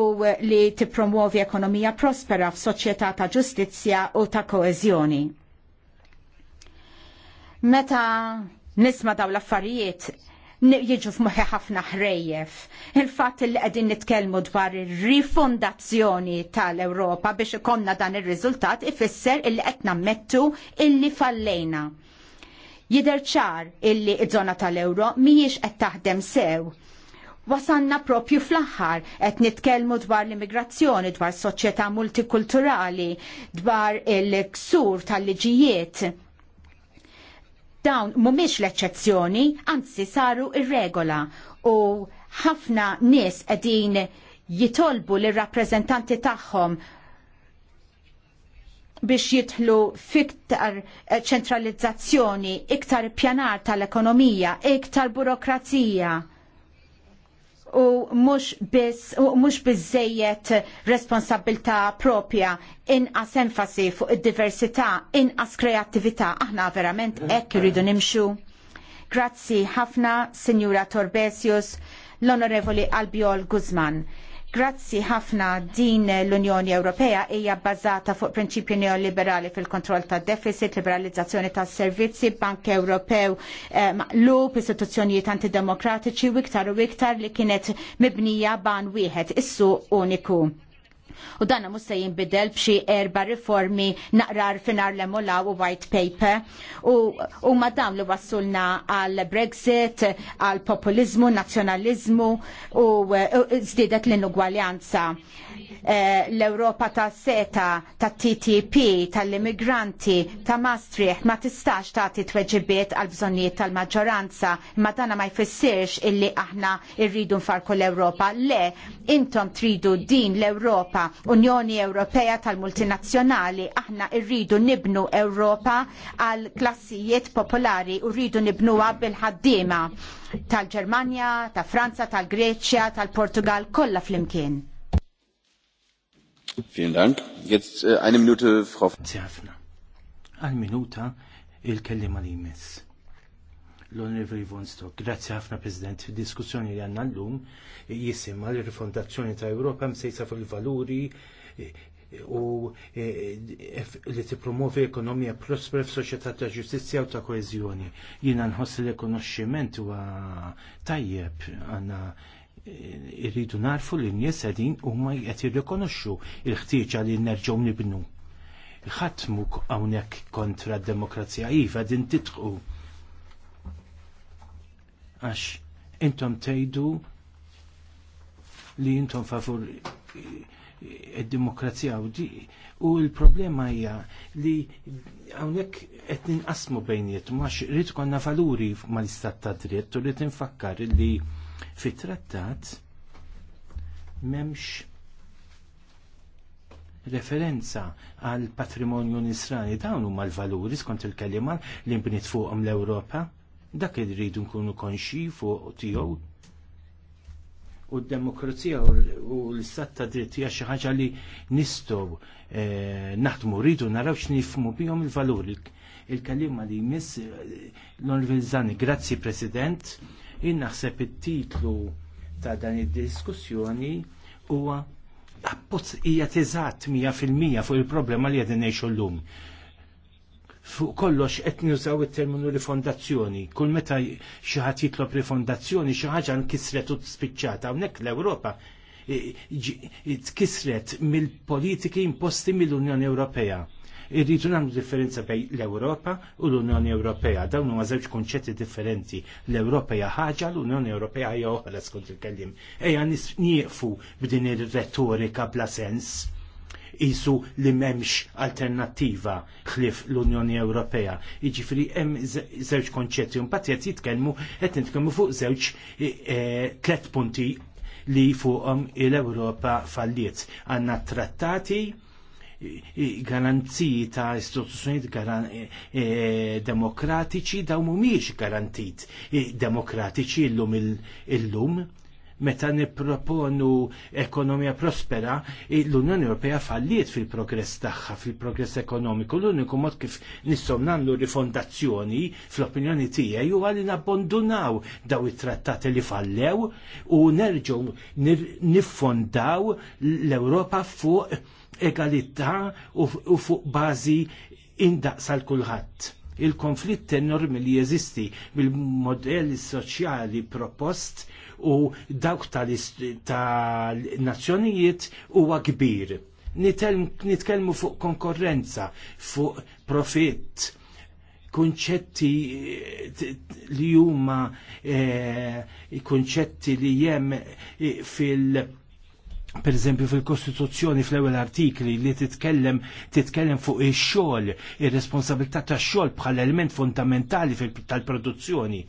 li tippromuovi ekonomija prospera f'soċjetà ta' ġustizzja u ta' koeżjoni. Meta nisma' daw l-affarijiet, jiġu f'moħħi ħafna ħrejjef. Il-fatt li qegħdin nitkellmu dwar ir-rifondazzjoni tal-Ewropa biex ikonna dan ir-riżultat ifisser li qed nammettu illi fallejna. Jider ċar illi iż-żona tal-euro mhijiex qed taħdem sew. Wasanna propju fl-aħħar qed nitkellmu dwar l-immigrazzjoni, dwar soċjetà multikulturali, dwar il-ksur tal-liġijiet. Dawn mhumiex l-eċċezzjoni, anzi saru ir-regola u ħafna nies qegħdin jitolbu l rappreżentanti tagħhom biex jidħlu fiktar eh, ċentralizzazzjoni, iktar pjanar tal-ekonomija, iktar burokrazija u mhux biss u mhux biżejjed responsabilità propja inqas enfasi fuq id-diversità, inqas kreattività, aħna verament hekk irridu nimxu. Grazzi ħafna, Signora Torbesius, l-Onorevoli Albiol Guzman. Grazzi ħafna din l-Unjoni Ewropea hija bbażata fuq prinċipju neoliberali fil-kontroll tad deficit, liberalizzazzjoni tas servizzi, Bank Ewropew eh, maqlub, istituzzjonijiet antidemokratiċi u iktar u iktar li kienet mibnija ban wieħed is-suq uniku U danna mhux se jinbidel b'xi erba' riformi naqrar finar l u white paper. U, u madam li wassulna għal Brexit, għal populizmu, nazzjonaliżmu u, u zdidet l-inugwaljanza Eh, l-Europa ta' seta, ta' TTP, tal-immigranti, ta' Maastricht ma tistax tagħti tweġibiet għal bżonnijiet tal-maġġoranza, imma dana ma jfissirx illi aħna rridu nfarku l-Ewropa. Le, intom tridu din l-Ewropa, Unjoni Ewropea tal-multinazzjonali, aħna rridu nibnu Ewropa għal klassijiet popolari u rridu nibnuha bil-ħaddiema tal-Ġermanja, ta' Franza, tal-Greċja, tal-Portugal, kollha flimkien. Vielen Dank. Jetzt uh, eine Minute, Frau. Zjafna. Għal minuta il-kellima li jmiss. L-Onorevoli Vonstock, grazzi ħafna President, diskussjoni li għanna l-lum jisimma l-rifondazzjoni ta' Europa msejsa fil-valuri e, e, u e, li tipromovi ekonomija prospera f'soċjetà ta' ġustizzja u ta' koezjoni. Jiena nħoss li konoxximent huwa tajjeb għandna irridu narfu li n-nies u huma qed jirrikonoxxu l-ħtieġa li nerġgħu nibnu. Ħatmu hawnhekk kontra d-demokrazija iva din titqu. Għax intom tgħidu li intom favur id-demokrazija u l-problema hija li hawnhekk qed ninqasmu bejniet għax rrid konna valuri mal-istat ta' dritt u rrid infakkar li Fit-trattat m'hemmx referenza għal patrimonju nisrani dawn huma l-valuri skont il-kelima li nbniet fuqhom l-Ewropa dak irridu nkunu konxi fuq tiegħu u d-demokrazija u l-istat ta' dritt hija xi ħaġa li nistgħu eh, naħdmu rridu naraw x'nifhmu bihom il-valuri. Il-kalima li jmiss l-Onorevoli Zani, grazzi President, Innaħseb it-titlu ta' dan id-diskussjoni huwa appozz hija teżat mija fil-mija fuq il-problema li qegħdin ngħixu llum. Fuq kollox qed nużaw it-terminu rifondazzjoni. Kull meta xi ħadd jitlob rifondazzjoni xi ħaġa nkisret u tispiċċata hawnhekk l-Ewropa eh, tkisret mill-politiki imposti mill-Unjoni Ewropea Irridu nagħmlu differenza bejn l-Ewropa u l-Unjoni Ewropea. Dawn huma żewġ kunċetti differenti. L-Ewropa hija ħaġa, l-Unjoni Ewropea hija oħra skont il-kellim. Ejja nieqfu b'din ir-retorika bla sens jisu li memx alternativa xlif l-Unjoni Ewropea. Iġifri hemm żewġ konċetti, un qed jitkellmu qed nitkellmu fuq żewġ e, tlet punti li fuqhom l-Ewropa falliet. Għandna trattati garanziji ta' istituzzjonijiet garan e, e demokratiċi daw mhumiex garantit e, demokratiċi illum illum meta nipproponu ekonomija prospera e, l-Unjoni Ewropea falliet fil-progress tagħha, fil-progress ekonomiku. L-uniku mod kif nistgħu nagħmlu rifondazzjoni fl-opinjoni tiegħi huwa li nabbondunaw daw it-trattati li fallew u nerġgħu niffondaw l-Ewropa fuq egalità u fuq bażi indaqsa l Il-konflitt enormi li jeżisti bil modelli soċjali propost u dawk tal-nazzjonijiet huwa kbir. Nitkellmu fuq konkorrenza, fuq profitt, kunċetti li huma eh, kunċetti li jem eh, fil- per eżempju fil-Kostituzzjoni fl-ewwel artikli li titkellem titkellem fuq ix-xogħol, ir-responsabilità tax-xogħol bħala element fundamentali tal-produzzjoni.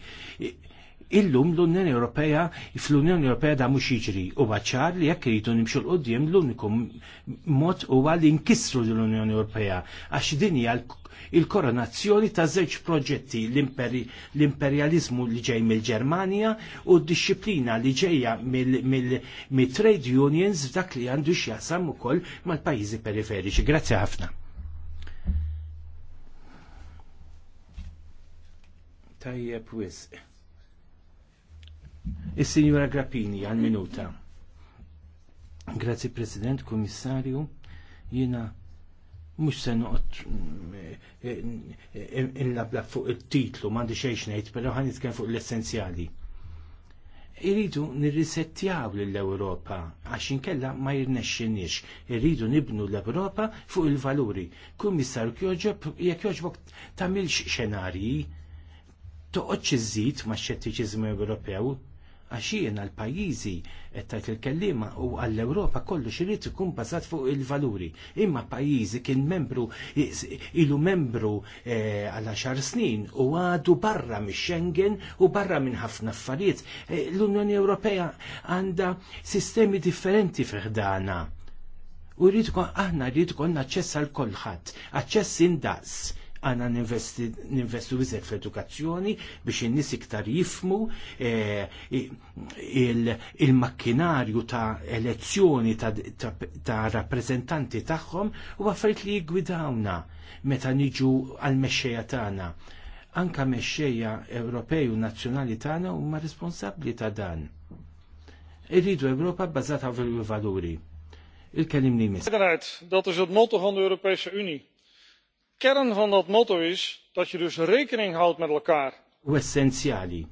Illum l-Unjoni Ewropea, fl-Unjoni Ewropea da mhux jiġri u baċċar li jekk iridu nimxu l-qudiem l-uniku mod huwa li nkissru l-Unjoni Ewropea għax din hija il-koronazzjoni ta' żewġ proġetti l-imperjalizmu li ġej mill-Ġermanja u d-disciplina li ġejja mill-trade unions f'dak li għandu x'jasam ukoll mal-pajjiżi periferiċi. Grazzi ħafna. Tajjeb wisq. Is-Sinjura Grappini għal-minuta. Grazzi President, Kummissarju, jiena mux se noqgħod eh, eh, inlabla fuq it-titlu mandi xejn ngħid, però ħan fuq l-essenzjali irridu nirrisettjaw l-Europa, għax inkella ma jirnexxinix. Irridu nibnu l-Europa fuq il-valuri. Kummissar jek joġbok tamilx xenarji, toqgħodx iżid ma' xettiċiżmu Ewropew, għaxien għal pajjiżi qed il-kellima u għall ewropa kollu xirrit ikun bazat fuq il-valuri. Imma pajjiżi kien membru ilu membru eh, għal xar snin u għadu barra mix Schengen u barra minn ħafna affarijiet. Eh, L-Unjoni Ewropea għandha sistemi differenti fiħdana. U rrid aħna rrid konna aċċess għal kulħadd, aċċess indaqs għana ninvestu iżet fl-edukazzjoni biex in iktar jifmu eh, il-makkinarju ta' elezzjoni ta' rappresentanti tagħhom u għaffariet li jgwidawna meta niġu għal-mexxejja tagħna. Anka mexxejja Ewropej u nazzjonali tagħna huma responsabbli ta' dan. Irridu Ewropa bbażata fuq il-valuri. Il-kelim li mis. Dat is het motto van de Europese Unie kern van dat motto is dat je dus rekening houdt met elkaar. U essenzjali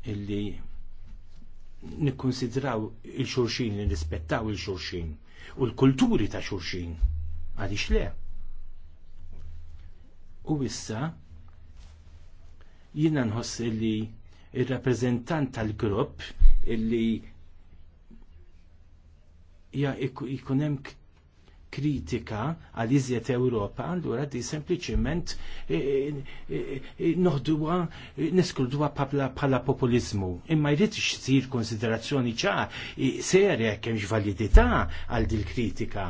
illi nikkonsidraw il-xurxin, nirrispettaw il-xurxin u l-kulturi ta' xurxin. Għaliex le? U issa jina nħoss li il-rappresentant tal-grupp illi ja ik kritika għal iżjed Ewropa, allura di sempliċement e, e, e, noħduwa neskludwa bħala populizmu. Imma jrid xsir konsiderazzjoni ċa serja kemm validità għal dil kritika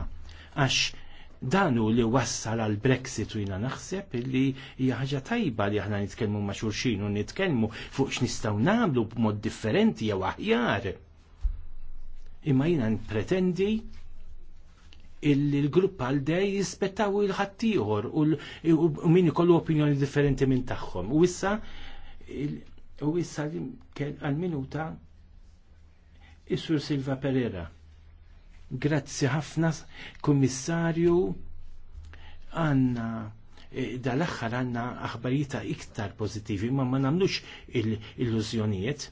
għax danu li wassal għal Brexit u jina naħseb li ħaġa tajba li aħna nitkellmu ma' xulxin u nitkellmu fuq x'nistgħu nagħmlu b'mod differenti jew aħjar. Imma jina pretendi il-grupp għal dej jispettaw il-ħattijħor u min ikollu opinjoni differenti minn tagħhom. U issa u issa għal-minuta Isur Silva Pereira. Grazzi ħafna, kummissarju, għanna e, dal-axħar għanna aħbarita iktar pozittivi, ma ma namlux il-illużjonijiet.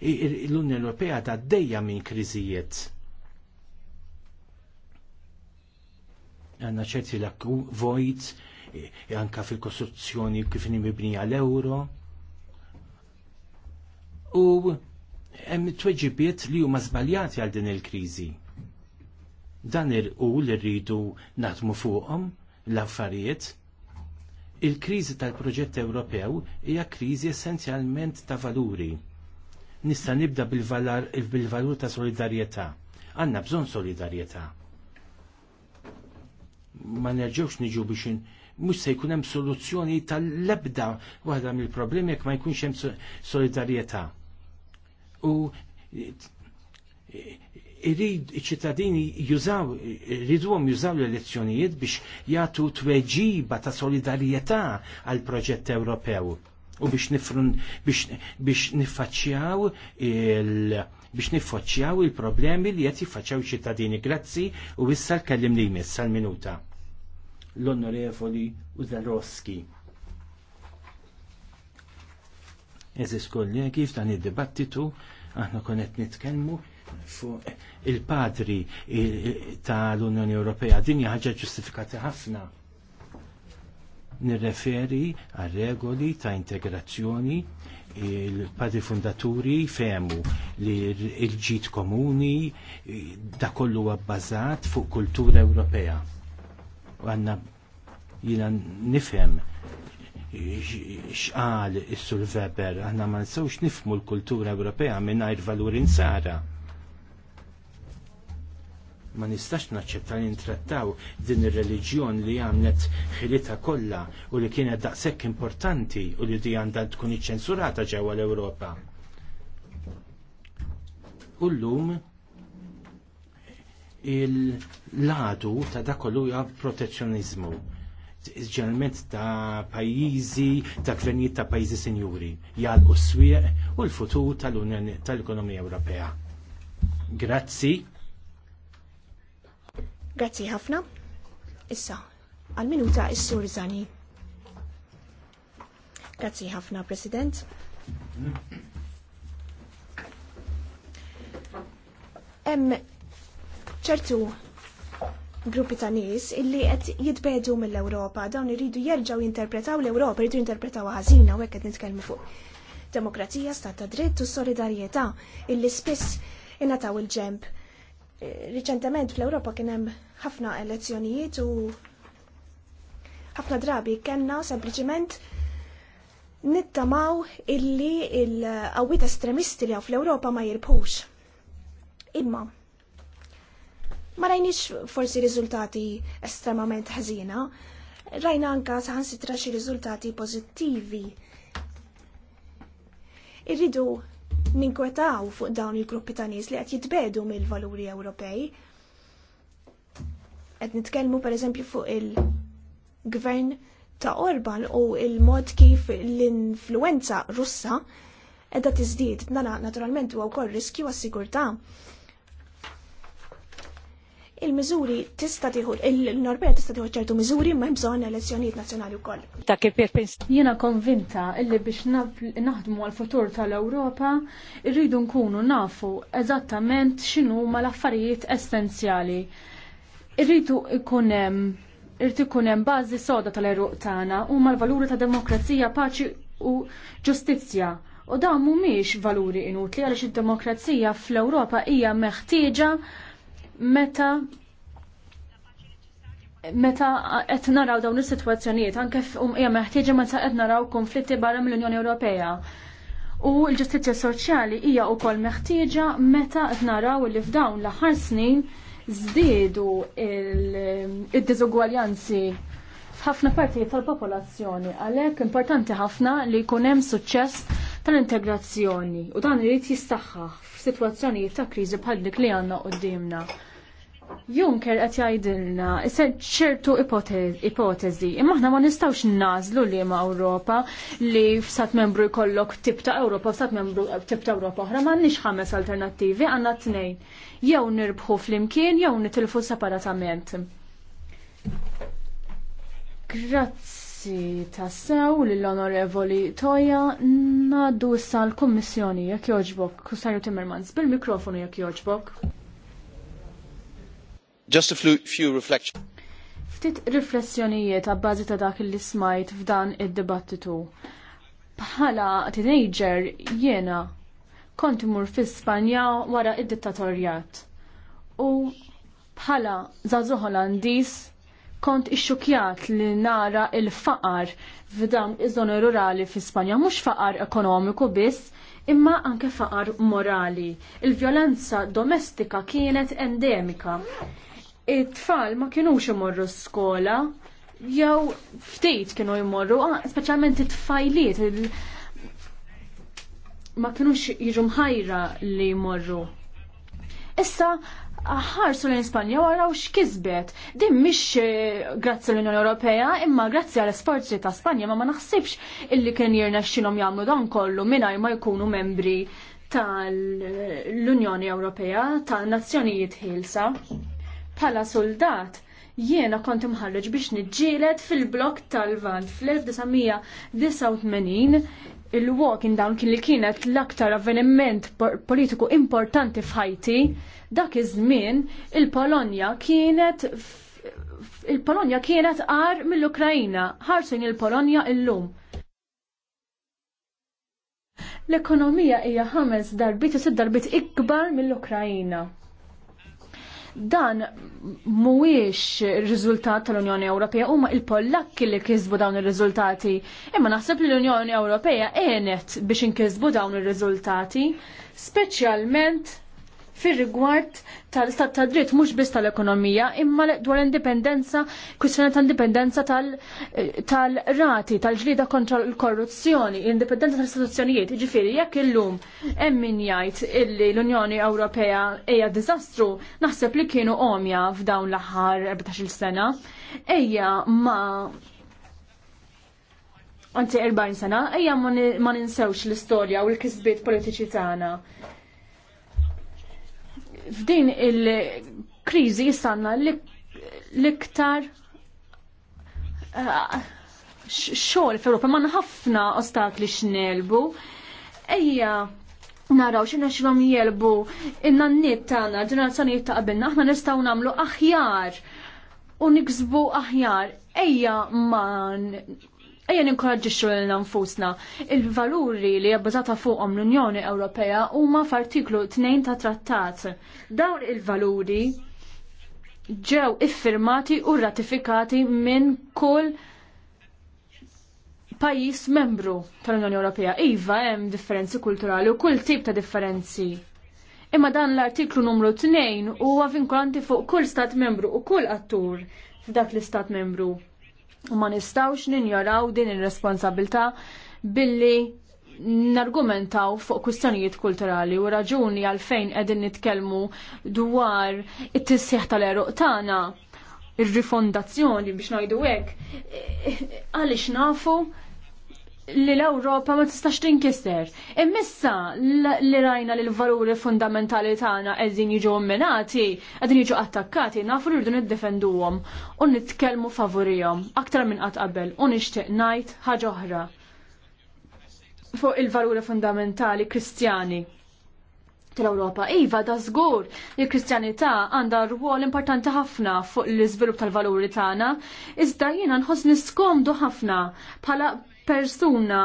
L-Unjoni Ewropea ta' dejja minn kriżijiet għanna ċerti l-akku vojt e, e, anka fil-kostruzzjoni kif mibnija l-euro u hemm tweġibiet li huma żbaljati għal din il-kriżi. Dan il u li rridu naħdmu fuqhom l-affarijiet il-kriżi tal-proġett Ewropew hija kriżi essenzjalment ta' valuri. Nista' nibda bil-valur ta' solidarjetà. Għanna bżonn solidarjetà ma nerġewx niġu biex mhux se jkun hemm soluzzjoni tal-lebda waħda mill-problemi jekk ma jkunx hemm solidarjetà. U irid iċ-ċittadini jużaw, ridwom jużaw l-elezzjonijiet biex jagħtu tweġiba ta' solidarjetà għal proġett Ewropew u biex nifrun biex biex il biex niffaċċjaw il-problemi li qed jiffaċċjaw ċittadini. Grazzi u issa l-kellim li jmiss sal-minuta l-Onorevoli Udarowski. Eżis kollegi, f'dan id-dibattitu aħna konet nitkellmu fuq il-padri tal-Unjoni Ewropea. Din hija ħaġa ġustifikata ħafna. Nirreferi għal regoli ta' integrazzjoni il-padri fundaturi femu li il-ġit komuni da kollu għabbażat fuq kultura Ewropea għanna jina nifhem xqal is-sur Weber, aħna ma nsewx nifmu l-kultura Ewropea mingħajr valur insara. Ma nistax naċċetta li ntrattaw din ir-reliġjon li għamlet xilita kollha u li kienet daqshekk importanti u li di għandha tkun iċċensurata ġewwa l-Ewropa. U llum il-ladu ta' dakollu ja protezzjonizmu ġelment ta' pajjiżi ta' gvernijiet ta' pajjiżi sinjuri, jgħalqu s-swieq u l-futur tal-Unjoni tal-Ekonomija Ewropea. Grazzi. Grazzi ħafna. Issa, għal-minuta is-sur Zani. Grazzi ħafna, President. Mm ċertu gruppi ta' nies illi qed jitbedu mill-Ewropa, dawn iridu jerġgħu jinterpretaw l-Ewropa, iridu jinterpretaw ħażina u hekk qed nitkellmu fuq demokrazija, stat ta' dritt u solidarjetà illi spiss ingħataw il-ġemp. Eh, riċentement fl-Ewropa kien hemm ħafna elezzjonijiet u ħafna drabi kellna sempliċiment nittamaw illi l qawwiet estremisti li hawn fl-Ewropa ma jirbħux. Imma ma rajniex forsi riżultati estremament ħażina, rajna anka saħansitra xi riżultati pożittivi. Irridu ninkwetaw fuq dawn il-gruppi ta' nies li qed jitbedu mill-valuri Ewropej. Qed nitkellmu pereżempju fuq il-gvern ta' Orban u il-mod kif l-influenza Russa edha tiżdied b'nara naturalment huwa wkoll riskju għas-sigurtà il-miżuri tista' tieħu il norvegja tista' tieħu ċertu miżuri ma bżonn elezzjonijiet nazzjonali wkoll. Ta' kif Jiena konvinta illi biex naħdmu għal futur tal-Ewropa irridu nkunu nafu eżattament x'inhu huma l-affarijiet essenzjali. Irridu ikun hemm irid ikun hemm bażi soda tal-eruq tagħna huma l-valuri ta' demokrazija, paċi u ġustizzja. U dawn mhumiex valuri inutli għaliex id-demokrazija fl-Ewropa hija meħtieġa meta meta qed naraw dawn is-sitwazzjonijiet anke um hija meħtieġa meta qed naraw konflitti barra mill-Unjoni Ewropea. U l-ġustizzja soċjali hija wkoll meħtieġa meta qed naraw li f'dawn l-aħħar snin żdiedu id-diżugwaljanzi f'ħafna partijiet tal-popolazzjoni, għalhekk importanti ħafna li jkun hemm suċċess tal-integrazzjoni u dan irid jistaħħaħ f'sitwazzjonijiet ta' kriżi bħal dik li għandna qudiemna. Junker qed jgħidilna ċertu ipotezi, imma aħna ma nistgħux nażlu li ma' Ewropa li f'sat membru jkollok tip ta' Ewropa f'sat membru tip ta' Ewropa oħra m'għandniex ħames alternattivi għandna tnejn. Jew nirbħu flimkien jew nitilfu separatament Grazzi tassew l-onorevoli Toja naddu sal kommissjoni jekk joġbok, Kusarju Timmermans, bil-mikrofonu jekk joġbok. Just a few reflections. Ftit riflessjonijiet bażi ta' dak li smajt f'dan id-dibattitu. Bħala teenager jiena kont imur fi Spanja wara id-dittatorjat. U bħala zazu Holandis kont ixxukjat li nara il-faqar f'dan iż-żoni rurali fi Spanja, mhux faqar ekonomiku biss, imma anke faqar morali. Il-vjolenza domestika kienet endemika. It-tfal ma kienux imorru skola, jew ftit kienu jmorru, ah, speċjalment it-tfajliet, ma kienux jiġu mħajra li jmorru. Issa ħarsu l-Ispanja waraw x'kisbet. Din mhix eh, grazzi l-Unjoni Ewropea, imma grazzi għal esporti ta' Spanja ma ma naħsibx illi kien jirna x'inhom jagħmlu dan kollu mingħajr ma jkunu membri tal-Unjoni Ewropea, tal-Nazzjonijiet ħilsa. Pala soldat, jiena kont imħarreġ biex niġġieled fil-blok tal-Vant fl-1989 il-walking down kien li kienet l-aktar avveniment politiku importanti f'Ħajti Dak iż-żmien il-Polonja kienet il-Polonja kienet għar mill-Ukrajina, ħarsin il-Polonja illum. L-ekonomija hija ħames darbit u darbit ikbar mill-Ukrajina dan mhuwiex riżultat tal-Unjoni Ewropea huma il-Pollakki li kisbu dawn ir-riżultati. Imma naħseb li l-Unjoni Ewropea għenet biex inkisbu dawn ir-riżultati, speċjalment fir-rigward tal-istat ta' dritt mhux biss tal-ekonomija imma dwar indipendenza, kwistjoni ta' indipendenza tal-rati, tal-ġlida kontra l-korruzzjoni, indipendenza tal-istituzzjonijiet. ġifiri jekk illum hemm min jgħid illi l-Unjoni Ewropea hija diżastru, naħseb li kienu omja f'dawn l-aħħar 14-il sena. Ejja ma għanti 40 sena, ejja ma ninsewx l-istorja u l-kisbiet politiċi tagħna f'din il-kriżi jistanna l-iktar eh, xogħol f'Ewropa ma ħafna ostakli x'nelbu. Ejja naraw x'inha x'hom jelbu in n tagħna, l-ġenerazzjonijiet ta' qabilna aħna nistgħu nagħmlu aħjar u niksbu aħjar. Ejja man. Ejja ninkoraġġixxu lil nfusna. Il-valuri li jabbażata fuqhom l-Unjoni Ewropea huma f'artiklu 2 ta' trattat. Dawn il-valuri ġew iffirmati u ratifikati minn kull pajjiż membru tal-Unjoni Ewropea. Iva hemm differenzi kulturali u kull tip ta' differenzi. Imma dan l-artiklu numru 2 huwa vinkolanti fuq kull stat membru u kull attur f'dak l-istat membru U ma nistawx ninjoraw din ir-responsabilità billi nargumentaw fuq kwistjonijiet kulturali u raġuni għalfejn qegħdin nitkellmu dwar it-tissieħ tal-eruq tagħna ir-rifondazzjoni biex ngħidu hekk għaliex nafu li l-Ewropa ma tistax tinkisser. Immissa li rajna li l-valuri fundamentali tagħna qegħdin jiġu minati, qegħdin jiġu attakkati, nafu li rridu niddefenduhom u nitkellmu favorihom aktar minn qatt qabel u nixtieq ngħid ħaġa oħra fuq il-valuri fundamentali kristjani tal-Ewropa. Iva, da żgur li l kristjanità għandha rwol importanti ħafna fuq l-iżvilupp tal-valuri tagħna, iżda jiena nħoss niskomdu ħafna bħala persuna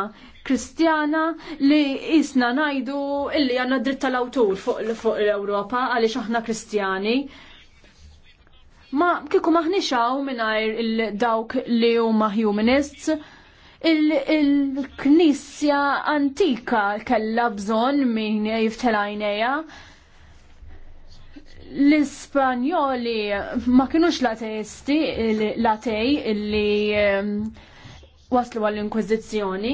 kristjana li isna najdu illi għanna dritta tal-awtur fuq, fuq l-Europa għaliex aħna kristjani. Ma kieku maħnixaw minnajr dawk li huma humanists, il-knisja il antika kella bżon min jiftelajneja l-Ispanjoli ma kienux l-ateisti, l-atej li waslu għall-Inkwiżizzjoni,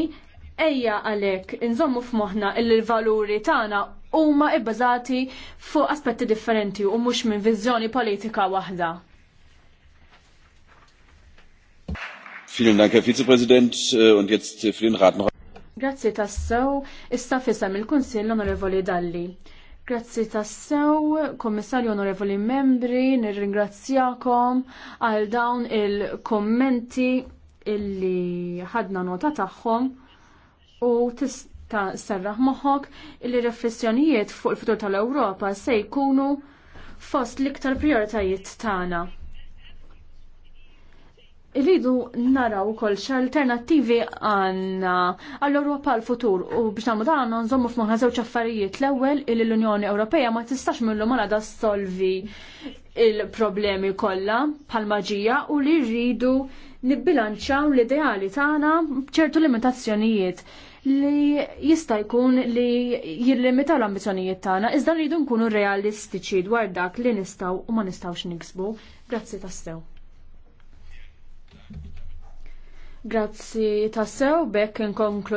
ejja għalhekk inżommu f'moħħna il-valuri tagħna huma ibbażati fuq aspetti differenti u mhux minn viżjoni politika waħda. Vielen Dank, Herr Vizepräsident, äh, und jetzt äh, für den Rat noch. Grazzi tassew, issa fissam il-Kunsill Onorevoli Dalli. Grazzi tassew, Kommissarju Onorevoli Membri, nirringrazzjakom għal dawn il-kommenti illi ħadna nota tagħhom u tista' serraħ moħħok illi riflessjonijiet fuq il-futur tal-Ewropa se jkunu fost l-iktar prioritajiet tagħna. Irridu naraw ukoll x'alternattivi għandna għall europa għal futur u biex nagħmlu dan għandna nżommu f'moħħna żewġ affarijiet. L-ewwel li l-Unjoni Ewropea ma tistax minnhom da solvi il-problemi kollha bħal maġija u li rridu nibbilanċaw l-ideali tagħna ċertu limitazzjonijiet li jista' jkun li jillimitaw l-ambizzjonijiet tagħna iżda rridu nkunu realistiċi dwar dak li nistgħu u ma nistgħux niksbu. Grazzi tassew. Grazzi sew, bekk inkonklu